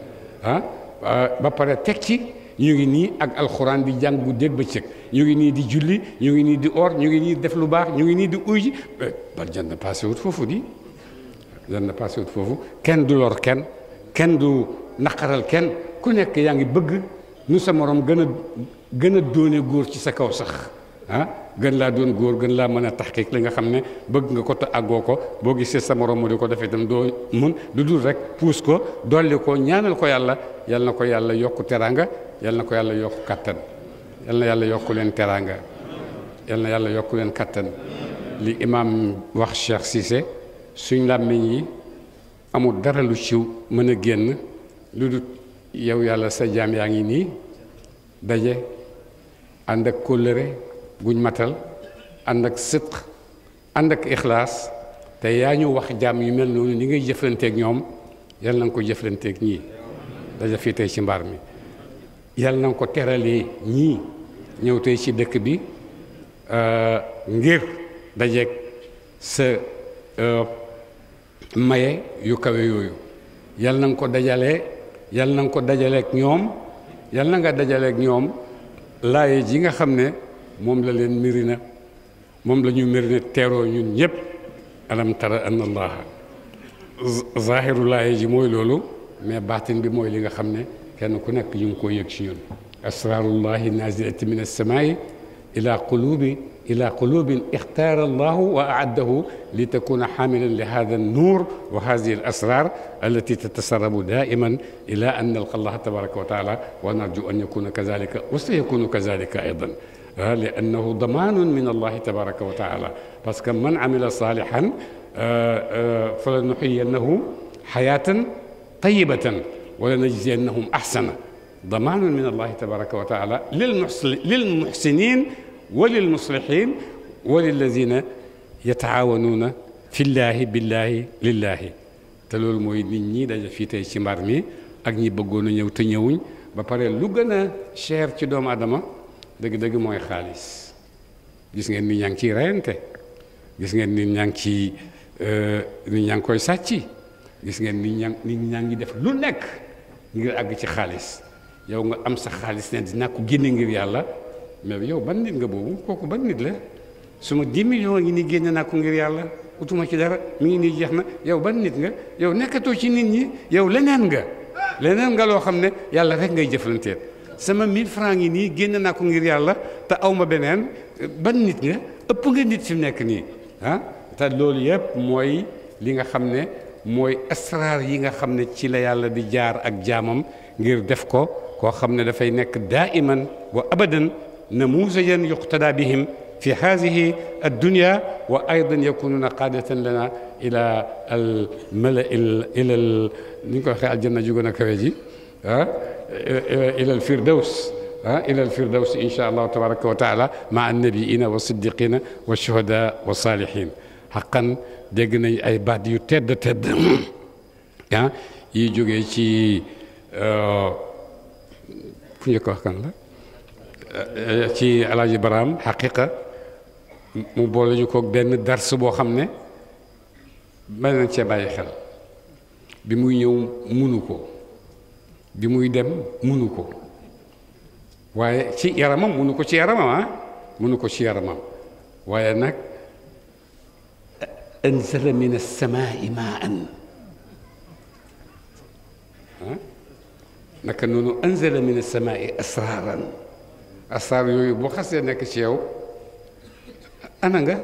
ah, ah, ba pare teg ci ñu ngi nii ak alxuraan di jàng bu dégg ba cëg ñu ngi nii di julli ñu ngi nii di or ñu ngi nii def lu baax ñu ngi nii di uy ji eh, ba janna passé foofu di janna passé wut foofu kenn du lor kenn kenn du naqaral kenn ku nekk yaa ngi bëgg nu sa morom gën a gën a doone góor ci sa kaw sax ah gën laa doon góor gën laa mën a tax taxqiq li nga xam ne bëgg nga ko te àggoo ko boo gisee sa morom mu di ko def itam doo mun du dul rek puus ko dolli ko ñaanal ko yàlla yal na ko yàlla yokk teraanga yal na ko yàlla yokk kattan yal na yàlla yokk leen teraanga yal yàlla yokk leen kàttan li imam wax Cheikh Cissé suñ làmmiñ yi amu dara lu ciw mën a génn lu yow yàlla sa jam yaa ngi nii daje ànd ak kóllëre guñ matal ànd ak sëq ànd ak ixlaas te yaa ñu wax jaam yu mel noonu ni ngay jëflanteeg ñoom yàlla na nga ko jëflanteeg ñii daja fii tey ci mbaar mi yàlla na ko teralee ñii ñëw tey ci dëkk bi euh, ngir dajeeg sa euh, maye yu kawe yoyu yal na ko dajalé yal na nga ko dajaleek ñoom yal na nga ak ñom lay ji nga xamné mom la leen mirina mom lañu mirina téro ñun ñëpp alam tara anna allah zahiru lay ji moy lolu mais batin bi moy li nga xamné kenn ku nekk ñu ko yek ci ñun asrarullahi nazilati min alsamaai ila qulubi إلى قلوب اختار الله وأعده لتكون حاملا لهذا النور وهذه الأسرار التي تتسرب دائما إلى أن نلقى الله تبارك وتعالى ونرجو أن يكون كذلك وسيكون كذلك أيضا آه، لأنه ضمان من الله تبارك وتعالى بس من عمل صالحا آه، آه، فلنحيينه حياة طيبة ولنجزينهم أحسن ضمان من الله تبارك وتعالى للمحسنين وللمصلحين وللذين يتعاونون في الله بالله لله تلو المويدين ني داجا في تاي سي مارمي اك ني بغونو نيو تا نيوون با بار لو غنا شير سي دوم ادما دغ دغ موي خالص غيس نين ني نانكي رينت غيس نين ني نانكي ا ني نانكوي ساتشي غيس نين ني نان ني نانغي ديف لو نيك ngir ag ci xaliss yow nga am sa xaliss ne dina ko génne ngir yàlla mais yow ban nit nga boobu kooku ban nit la su ma 10 millions ngi ni génne naa ko ngir yàlla utuma ci dara mu ngi nii jeex na yow ban nit nga yow nekkatoo ci nit ñi yow leneen nga leneen nga loo xam ne yàlla rek ngay jëflanteel sama 1000 francs ngi nii génn naa ko ngir yàlla te awma ma beneen ban nit nga ëpp nga nit fi mu nekk nii ah te loolu yëpp mooy li nga xam ne mooy asraar yi nga xam ne ci la yàlla di jaar ak jaamam ngir def ko koo xam ne dafay nekk daa iman نموذجا يقتدى بهم في هذه الدنيا وايضا يكونون قاده لنا الى الملا الى الى الجنه جوجنا كويجي الى الفردوس الى الفردوس ان شاء الله تبارك وتعالى مع النبيين والصديقين والشهداء والصالحين حقا دغنا اي بعد baat yu tedd tedd ah yi jógee ci alaaji baraam xaqiqa mu boole ñu ko ben dars bo xamné ma mën ci baye xel bi muy ñëw munu ko bi muy dem munu ko waaye ci yaramam munu ko ci yaramam ah munu ko ci yaramam waye nak anzala min as-samaa'i maa'an naka noonu anzala min as-samaa'i asar yooyu boo xasee nekk ci yow ana nga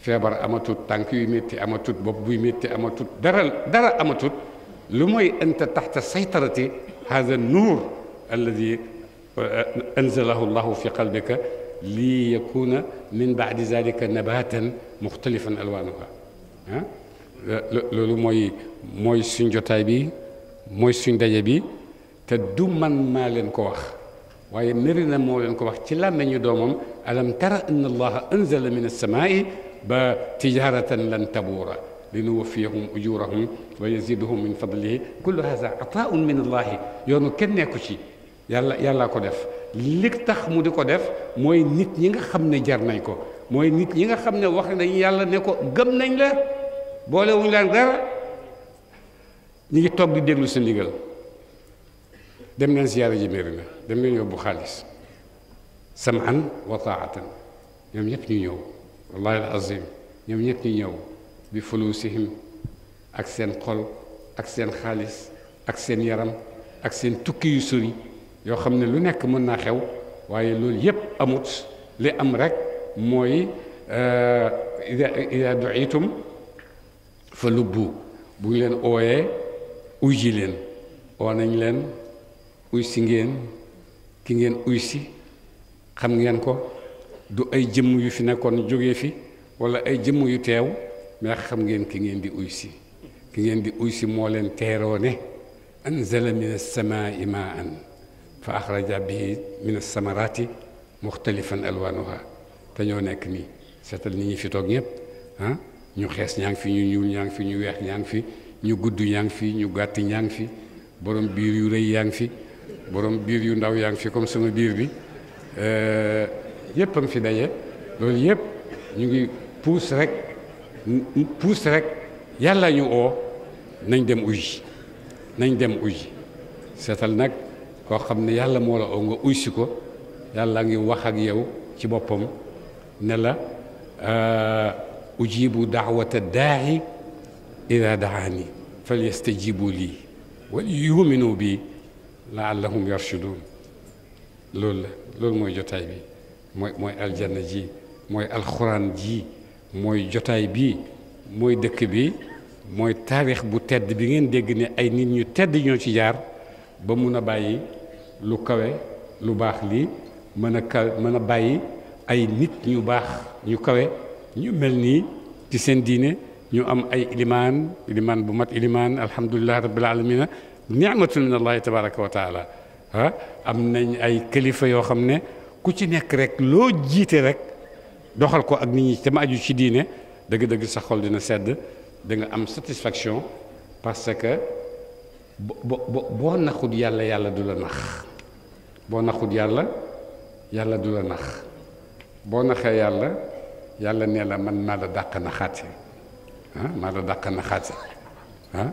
feebar amatut tànk yu métti amatut bopp buy métti amatut dara dara amatut lu mooy anta taxta saytarati hada nuur alladi anzalahu llahu fi qalbika li yakuna min baadi zalika nabatan muxtalifan alwanuha ah loolu mooy mooy suñ jotaay bi mooy suñ daje bi te du man ma len ko wax waye nerina mo len ko wax ci lamagnu domam alam tara in allah anzal min لنوفيهم اجورهم ويزيدهم من فضله كل هذا عطاء من الله يوم كن نيكو يالا يالا كو ديف ليك تخ مو ديكو ديف موي نيت نيغا خامني جار نايكو موي نيت نيغا خامني واخ ناي يالا نيكو گم نان لا بوله وون لان دار نيغي توك دي دغلو سن ليغال dem nañ siyaare ji Medina dem nañ yóbbu xaalis samaan wa taatan ñoom ñëpp ñu ñëw wallahi al azim ñoom ñëpp ñu ñëw bi fulusihim ak seen xol ak seen xaalis ak seen yaram ak seen tukki yu sori yoo xam ne lu nekk mën naa xew waaye loolu yëpp amut li am rek mooy ida duitum fa lubbu bu ñu leen ooyee uy leen oo nañ leen uy si ngeen ki ngeen uy si xam ngeen ko du ay jëmm yu fi nekkoon jóge fi wala ay jëmm yu teew mais xam ngeen ki ngeen di uy si ki ngeen di uy si moo leen teeroo ne anzala min as an maa'an fa axraja bihi min as-samaraati muxtalifan alwaanuha te ñoo nekk nii setal ni ñi fi toog ñëpp ah ñu xees ñaa fi ñu ñuul ñaa fi ñu weex ñaa fi ñu gudd ñaa ngi fi ñu gàtt ñaa fi borom biir yu rëy yaa fi boroom biir yu ndaw yaa ngi fi comme sama biir bi eh, yëpp a ngi fi daje loolu yëpp ñu ngi puus rekk puus rek yàlla ñu oo nañ dem uy nañ dem uy seetal nag koo xam ne yàlla moo la oo nga uy si ko yàlla ngi wax ak yow ci boppam ne la eh, ujibu daawata daahi ida daani fal yastajibu lii wal yuminu bii laallahum yarshudun loolu la loolu mooy jotaay bi mooy mooy aljanna ji mooy alxuraan ji mooy jotaay bi mooy dëkk bi mooy taarix bu tedd bi ngeen dégg ne ay nit ñu tedd ñoo ci jaar ba mun a bàyyi lu kawe lu baax lii mën a kawe mën a bàyyi ay nit ñu baax ñu kawe ñu mel nii ci seen diine ñu am ay ilimaan ilimaan bu mat ilimaan alhamdulilah rabbil alamina نعمة من الله تبارك وتعالى ها ام نان اي كليفه يو خامني كو سي نيك ريك لو جيتي ريك دوخال كو اك نيت ما اديو سي دينه دغ دغ سا خول دينا سد دغ ام ساتيسفاكسيون باسكو بو بو ناخذ يالا يالا دولا نخ بو ناخذ يالا يالا دولا نخ بو نخه يالا يالا نيلا من مالا داك نخاتي ها مالا داك نخاتي ها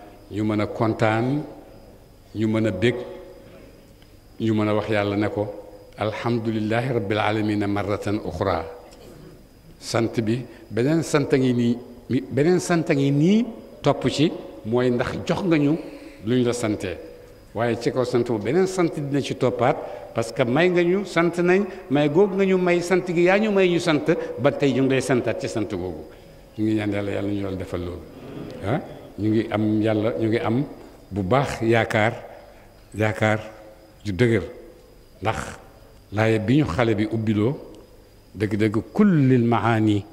ñu mën a kontaan ñu mën a bég ñu mën a wax yàlla ne ko alhamdulilahi rabbil alamina marratan uxra sant bi beneen sant ngi nii beneen sant ngi nii topp ci mooy ndax jox nga ñu lu ñu la santee waaye ci kaw sant bu beneen sant dina ci toppaat parce que may nga ñu sant nañ may googu nga ñu may sant gi yaa ñu may ñu sant ba tey ñu ngi lay santaat ci sant googu ñu ngi ñaan yàlla yàlla ñu yàlla defal loolu ah ñu ngi am yàlla ñu ngi am bu baax yaakaar yaakaar ju dëgër ndax laaye bi ñu xale bi ubbiloo dëgg-dëgg kullil maani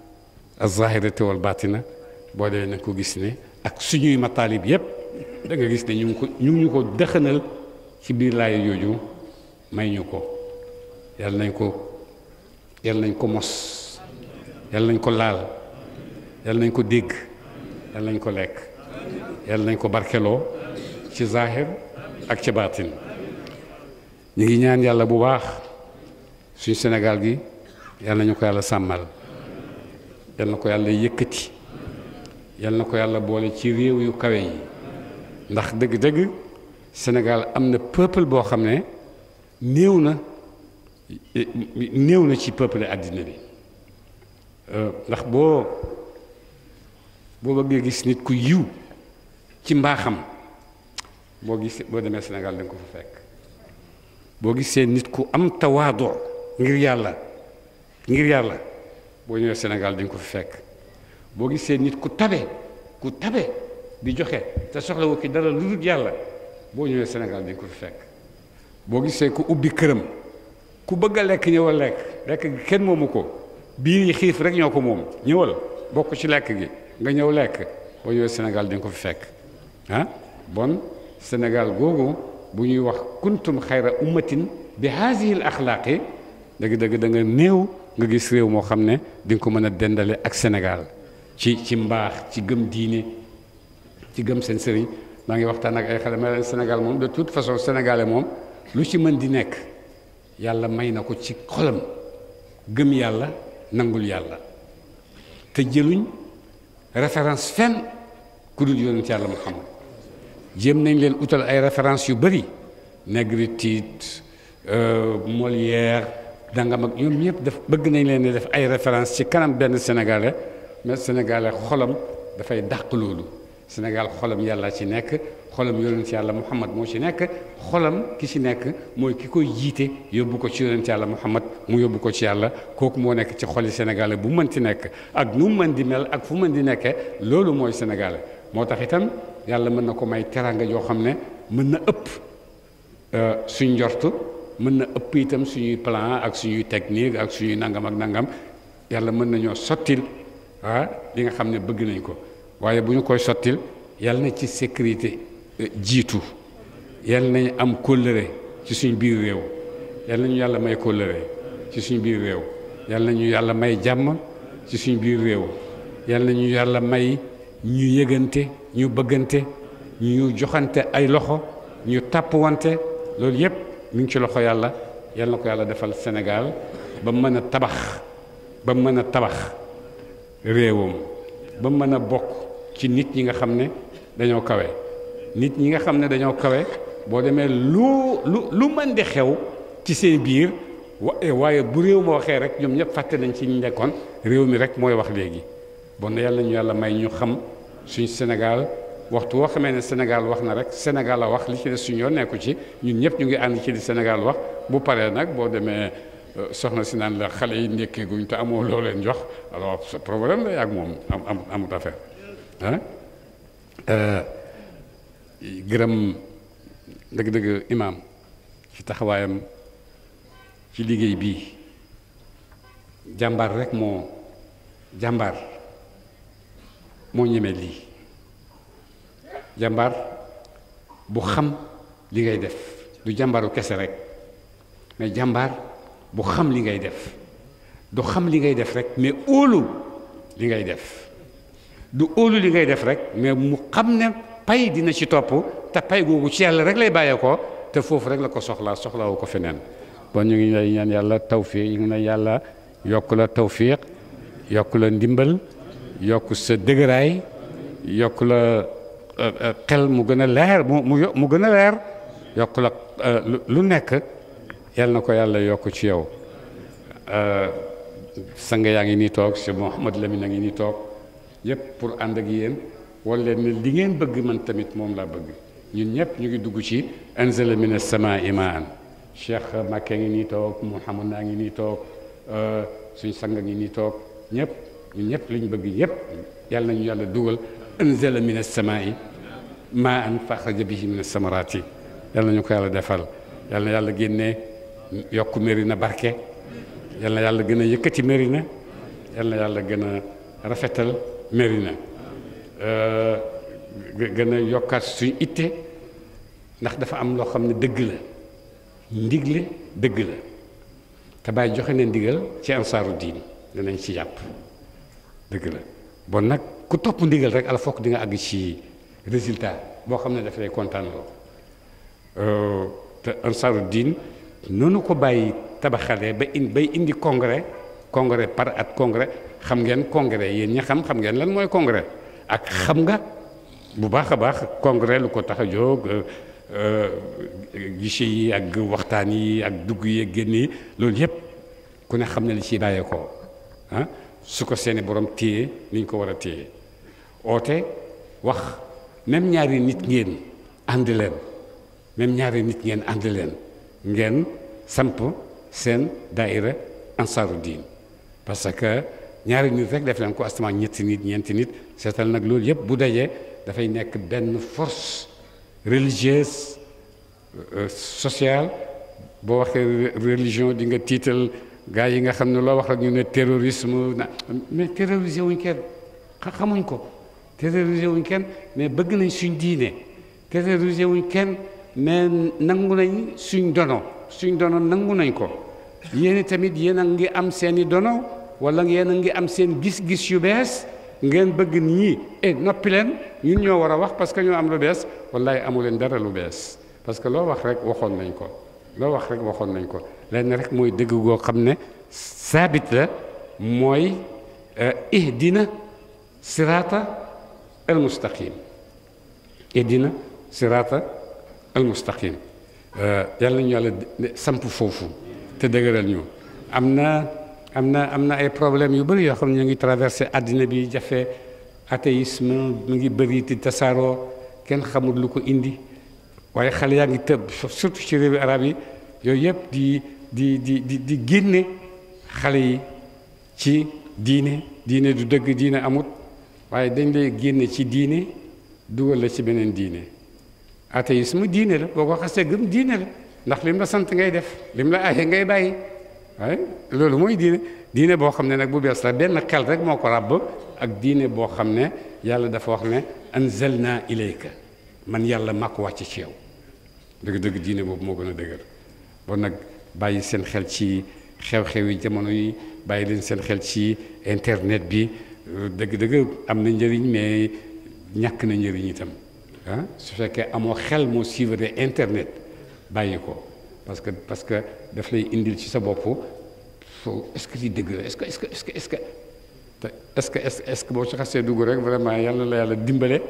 azahirati wal batina boo dee na ko gis ne ak suñuy mataalib yépp da nga gis ne ñu ngi ko ñu ngi ñu ko dëxanal ci biir laaye jooju may ñu ko yàlla nañ ko yàlla nañ ko mos yàlla nañ ko laal yàlla nañ ko dégg yàlla nañ ko lekk yàlla nañ ko barkeloo ci zahir ak ci baatin ñu ngi ñaan yàlla bu baax suñu Sénégal gi yàlla nañu ko yàlla sàmmal yàlla na ko yàlla yëkkati yàlla na ko yàlla boole ci réew yu kawe yi ndax dëgg-dëgg Sénégal am na peuple boo xam ne néew na néew na ci peuple àddina bi euh, ndax boo boo bëggee gis nit ku yiw ci mbaaxam boo gis boo demee senegal da ko fa fekk boo gisee nit ku am tawaadoo ngir yàlla ngir yàlla boo ñëwee senegal di ko fi fekk boo gisee nit ku tabe ku tabe di joxe te soxlawu ki dara yàlla boo ñëwee Sénégal di ko fa fekk boo gisee ku ubbi këram ku bëgg a lekk ñëwal lekk lekk kenn moomu ko biir yi xiif rek ñoo ko moom ñëwal bokk ci lekk gi nga ñëw lekk boo ñëwee senegal di ko fi fekk bon Sénégal googu bu ñuy wax kuntum xayra ummatin bi haasihil axlaaqi dëgg-dëgg danga néew nga gis réew moo xam ne di ko mën a dendale ak Sénégal ci ci mbaax ci gëm diine ci gëm seen sëriñ maa ngi waxtaan ak ay xale ma Sénégal moom de toute façon sénégalais moom lu ci mën di nekk yàlla may na ko ci xolam gëm yàlla nangul yàlla te jëluñ référence fenn ku dul yonent yàlla xam jéem nañ leen utal ay références yu bëri Negritude euh, Molière dangam ak ñoom ñëpp daf bëgg nañ leen def ay références ci kanam benn sénégalais mais sénégalais xolam dafay dàq loolu Sénégal xolam yàlla ci nekk xolam yonent yàlla Muhammad moo ci nekk xolam ki ci nekk mooy ki koy jiite yóbbu ko ci yonent yàlla Muhammad mu yóbbu ko ci yàlla kooku moo nekk ci xoli sénégalais bu mën ti nekk ak nu mën di mel ak fu man di nekkee loolu mooy sénégalais. moo tax itam yàlla mën na ko may teranga yoo xam ne mën na ëpp euh, suñ njort mën na ëpp itam suñuy plan ak suñuy technique ak suñuy nangam ak nangam yàlla mën nañoo sottil ah li nga xam ne bëgg nañ ko waaye bu ñu koy sottil yàlla na ci sécurité euh, jiitu yàlla nañ am kóllëre ci suñ biir réew yàlla nañu yàlla may kóllëre ci suñ biir réew yàlla nañu yàlla may jàmm ci suñ biir réew yàlla nañu yàlla may ñu yëgante ñu bëggante ñu joxante ay loxo ñu tàppwante loolu yépp mi ngi ci loxo yàlla yal na ko yàlla defal Sénégal ba mën a tabax ba mën a tabax réewam ba mën a bokk ci nit ñi nga xam ne dañoo kawe nit ñi nga dañoo lu lu xew ci seen biir waaye bu réew rek nañ ci bon yàlla ñu yàlla may ñu xam suñ Sénégal waxtu woo xamee ne Sénégal wax na rek Sénégal a wax li ci des suñu nekku ci ñun ñëpp ñu ngi ànd ci di Sénégal wax bu paree nag boo demee euh, soxna si naan la xale yi ndékkee guñ te amoo loo jox alors sa problème la ak moom am am amut affaire ah gërëm dëgg-dëgg imaam ci taxawaayam ci liggéey bii jàmbaar rek moo jàmbaar moo ñemee lii jàmbaar bu xam li ngay def du jàmbaaru kese rek mais jàmbaar bu xam li ngay def du xam li ngay def rek mais óolu li ngay def du óolu li ngay def rek mais mu xam ne pay dina ci topp te pay googu ci yàlla rek lay bàyyee ko te foofu rek la ko soxlaa soxlaawu ko feneen bon ñu ngi lay ñaan yàlla tawfiq ñu ngi lay yàlla yokk la tawfiq yokk la ndimbal yokk sa dëgëraay yokk la xel mu gën a leer mu mu gën a leer yokk la lu nekk yal na ko yàlla yokk ci yow sanga yaa ngi nii toog si Mouhamad Lamine a ngi nii toog yëpp pour ànd ak yéen wala leen ne li ngeen bëgg man tamit moom laa bëgg ñun ñëpp ñu ngi dugg ci anzala mina sama imaan cheikh Makke ngi nii toog Mouhamad naa ngi nii toog suñ sang ngi nii toog ñëpp ñun ñëpp li ñu bëgg yëpp yàlla nañu yàlla dugal anzala min as-samaa'i maa'an fa axraja bihi min as-samaraati yàlla nañu ko yàlla defal yàlla na yàlla génne yokk Médina barke yàlla na yàlla gën a yëkkati Médina yàlla na yàlla gën a rafetal Médina gën a yokkaat suñu itte ndax dafa am loo xam ne dëgg la ndigle dëgg la te bàyyi joxe na ndigal ci ansaaru diin danañ ci yàpp dëgg la bon nag ku topp ndigal rek ala fokk di nga àgg ci résultat boo xam ne daf lay kontaan loo euh, te ansaru diin noonu ko bàyyi tabaxalee ba in bay indi congrès congrès par at congrès xam ngeen congrès yéen ñi xam xam ngeen lan mooy congrès ak xam nga bu baax a baax congrès lu ko tax a jóg euh, euh, guichet yi ak waxtaan yi ak dugg yi ak génn yi loolu yëpp ku ne xam ne li si bàyyeekoo ko ah. su ko seeni borom téye ni ko war a téye oote wax même ñaari nit ngeen ànd leen même ñaari nit ngeen ànd leen ngeen samp seen daa daaira ansaaru diin parce que ñaari nit rek def leen ko astamaan ñetti nit ñeenti nit seetal nag loolu yëpp bu dajee dafay nekk benn force religieuse euh, euh, sociale boo waxee religion di nga tiital gaa yi nga xam ne loo wax rek ñu ne terrorisme na mais terroriser wuñ kenn xamuñ ko terroriser wuñ kenn mais bëgg nañ suñ diine terroriser wuñ kenn mais nangu nañ suñ dono suñ dono nangu nañ ko yéen tamit yéen a ngi am seen i dono wala yéen a ngi am seen gis-gis yu bees ngeen bëgg nii e eh, noppi leen ñun ñoo war a wax parce que ñoo am lu bees wallaay amu leen dara lu bees parce que loo wax rek waxoon nañ ko loo wax rek waxoon nañ ko lenn rek mooy dëgg goo xam ne saabit la mooy ihdina sirata al mustaqim ihdina sirata al mustaqim yàlla ñu yàlla samp foofu te dëgëral ñu am na am na am na ay problèmes yu bëri yoo xam ne ñu ngi traversé àddina bi jafe athéisme mu ngi bëri ti tasaaroo kenn xamul lu ko indi waaye xale yaa ngi tëb surtout ci réewi arab yi yooyu yëpp di di di di di génne xale yi ci diine diine du dëgg diine amut waaye dañ lay génne ci diine dugal la ci beneen diine athéisme diine la boo ko xasee gëm diine la ndax lim la sant ngay def lim la aaye ngay bàyyi waaye loolu mooy diine diine boo xam ne nag bu bees la benn xel rek moo ko ràbb ak diine boo xam ne yàlla dafa wax ne anzalna ilayka man yàlla maa ko wàcc ci yow dëgg-dëgg diine boobu moo gën a dëgër bon nag bayi sen xel ci xew-xewi jamono yi bàyyi leen seen xel ci internet bi deug deug am na njëriñ mais ñak na njëriñ itam ah su fekke amo xel mo suivre internet bayi ko parce que parce que daf lay indil ci sa bopp foo est-ce que li dëgg la est-ce que est-ce que est-ce que est-ce que est-ce que est que bo ci xasee dugg rek vraiment yalla la yalla dimbalé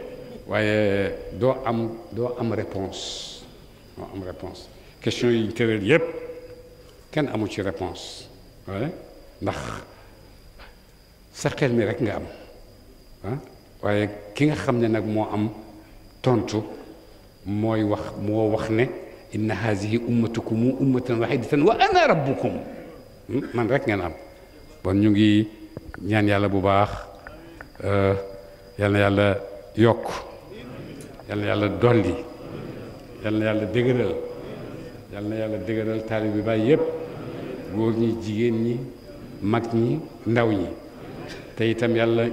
waaye do am do am réponse doo am réponse question yi ñu yépp كان أموتي ريبونس نخ سقيل مي رك نعم واي كي خمنا نك مو ام تونتو موي واخ مو واخني ان هذه امتكم امه واحده وانا ربكم من رك نعم بون نيغي نيان يالا بو باخ ا يالنا يالا يوك يالنا يالا دولي يالنا يالا ديغرل yal na yàlla dëgëral taali bi bàyyi yëpp góor ñi jigéen ñi mag ñi ndaw ñi te itam yàlla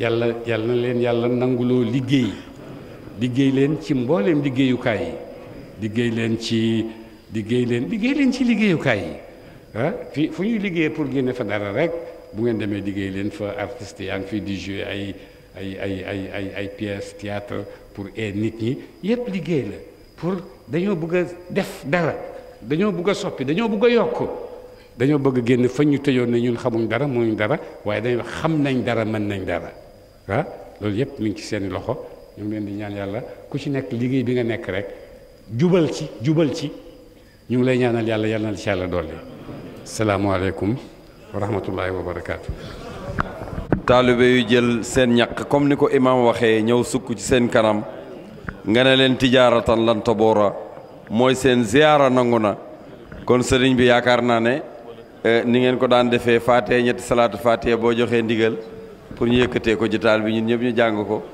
yàlla yàlla na leen yàlla nanguloo liggéey liggéey leen ci mbooleem liggéeyukaay yi liggéey leen ci liggéey leen liggéey ci liggéeyukaay yi ah fi fu ñuy liggéey pour génne fa dara rek bu ngeen demee liggéey leen fa artist yaa ngi fi di jouer ay ay ay ay ay ay pièces pour aide nit ñi yëpp liggéey la pour dañoo bëgg def dara dañoo bugg a soppi dañoo bëgg a yokk dañoo bëgg génn fañ ñu tëjoon ne ñun xamuñ dara mënuñ dara waaye dañu xam nañ dara mën nañ dara ah loolu yëpp ñu ngi ci seen loxo ñu ngi leen di ñaan yàlla ku ci nekk liggéey bi nga nekk rek jubal ci jubal ci ñu ngi lay ñaanal yàlla yal na ci yàlla dolli. salaamaaleykum wa rahmatullahi wa barakaatu. taalibe yu jël seen ñaq comme ni ko imaam waxee ñëw sukk ci seen kanam. nga ne leen tijaaratan lan ra mooy seen ziyaara nangu na kon sëriñ bi yaakaar naa ne eh, ni ngeen ko daan defee faatee ñetti salaat faatee boo joxee ndigal pour ñu yëkkatee ko jitaal bi ñun ñëpp ñu jàng ko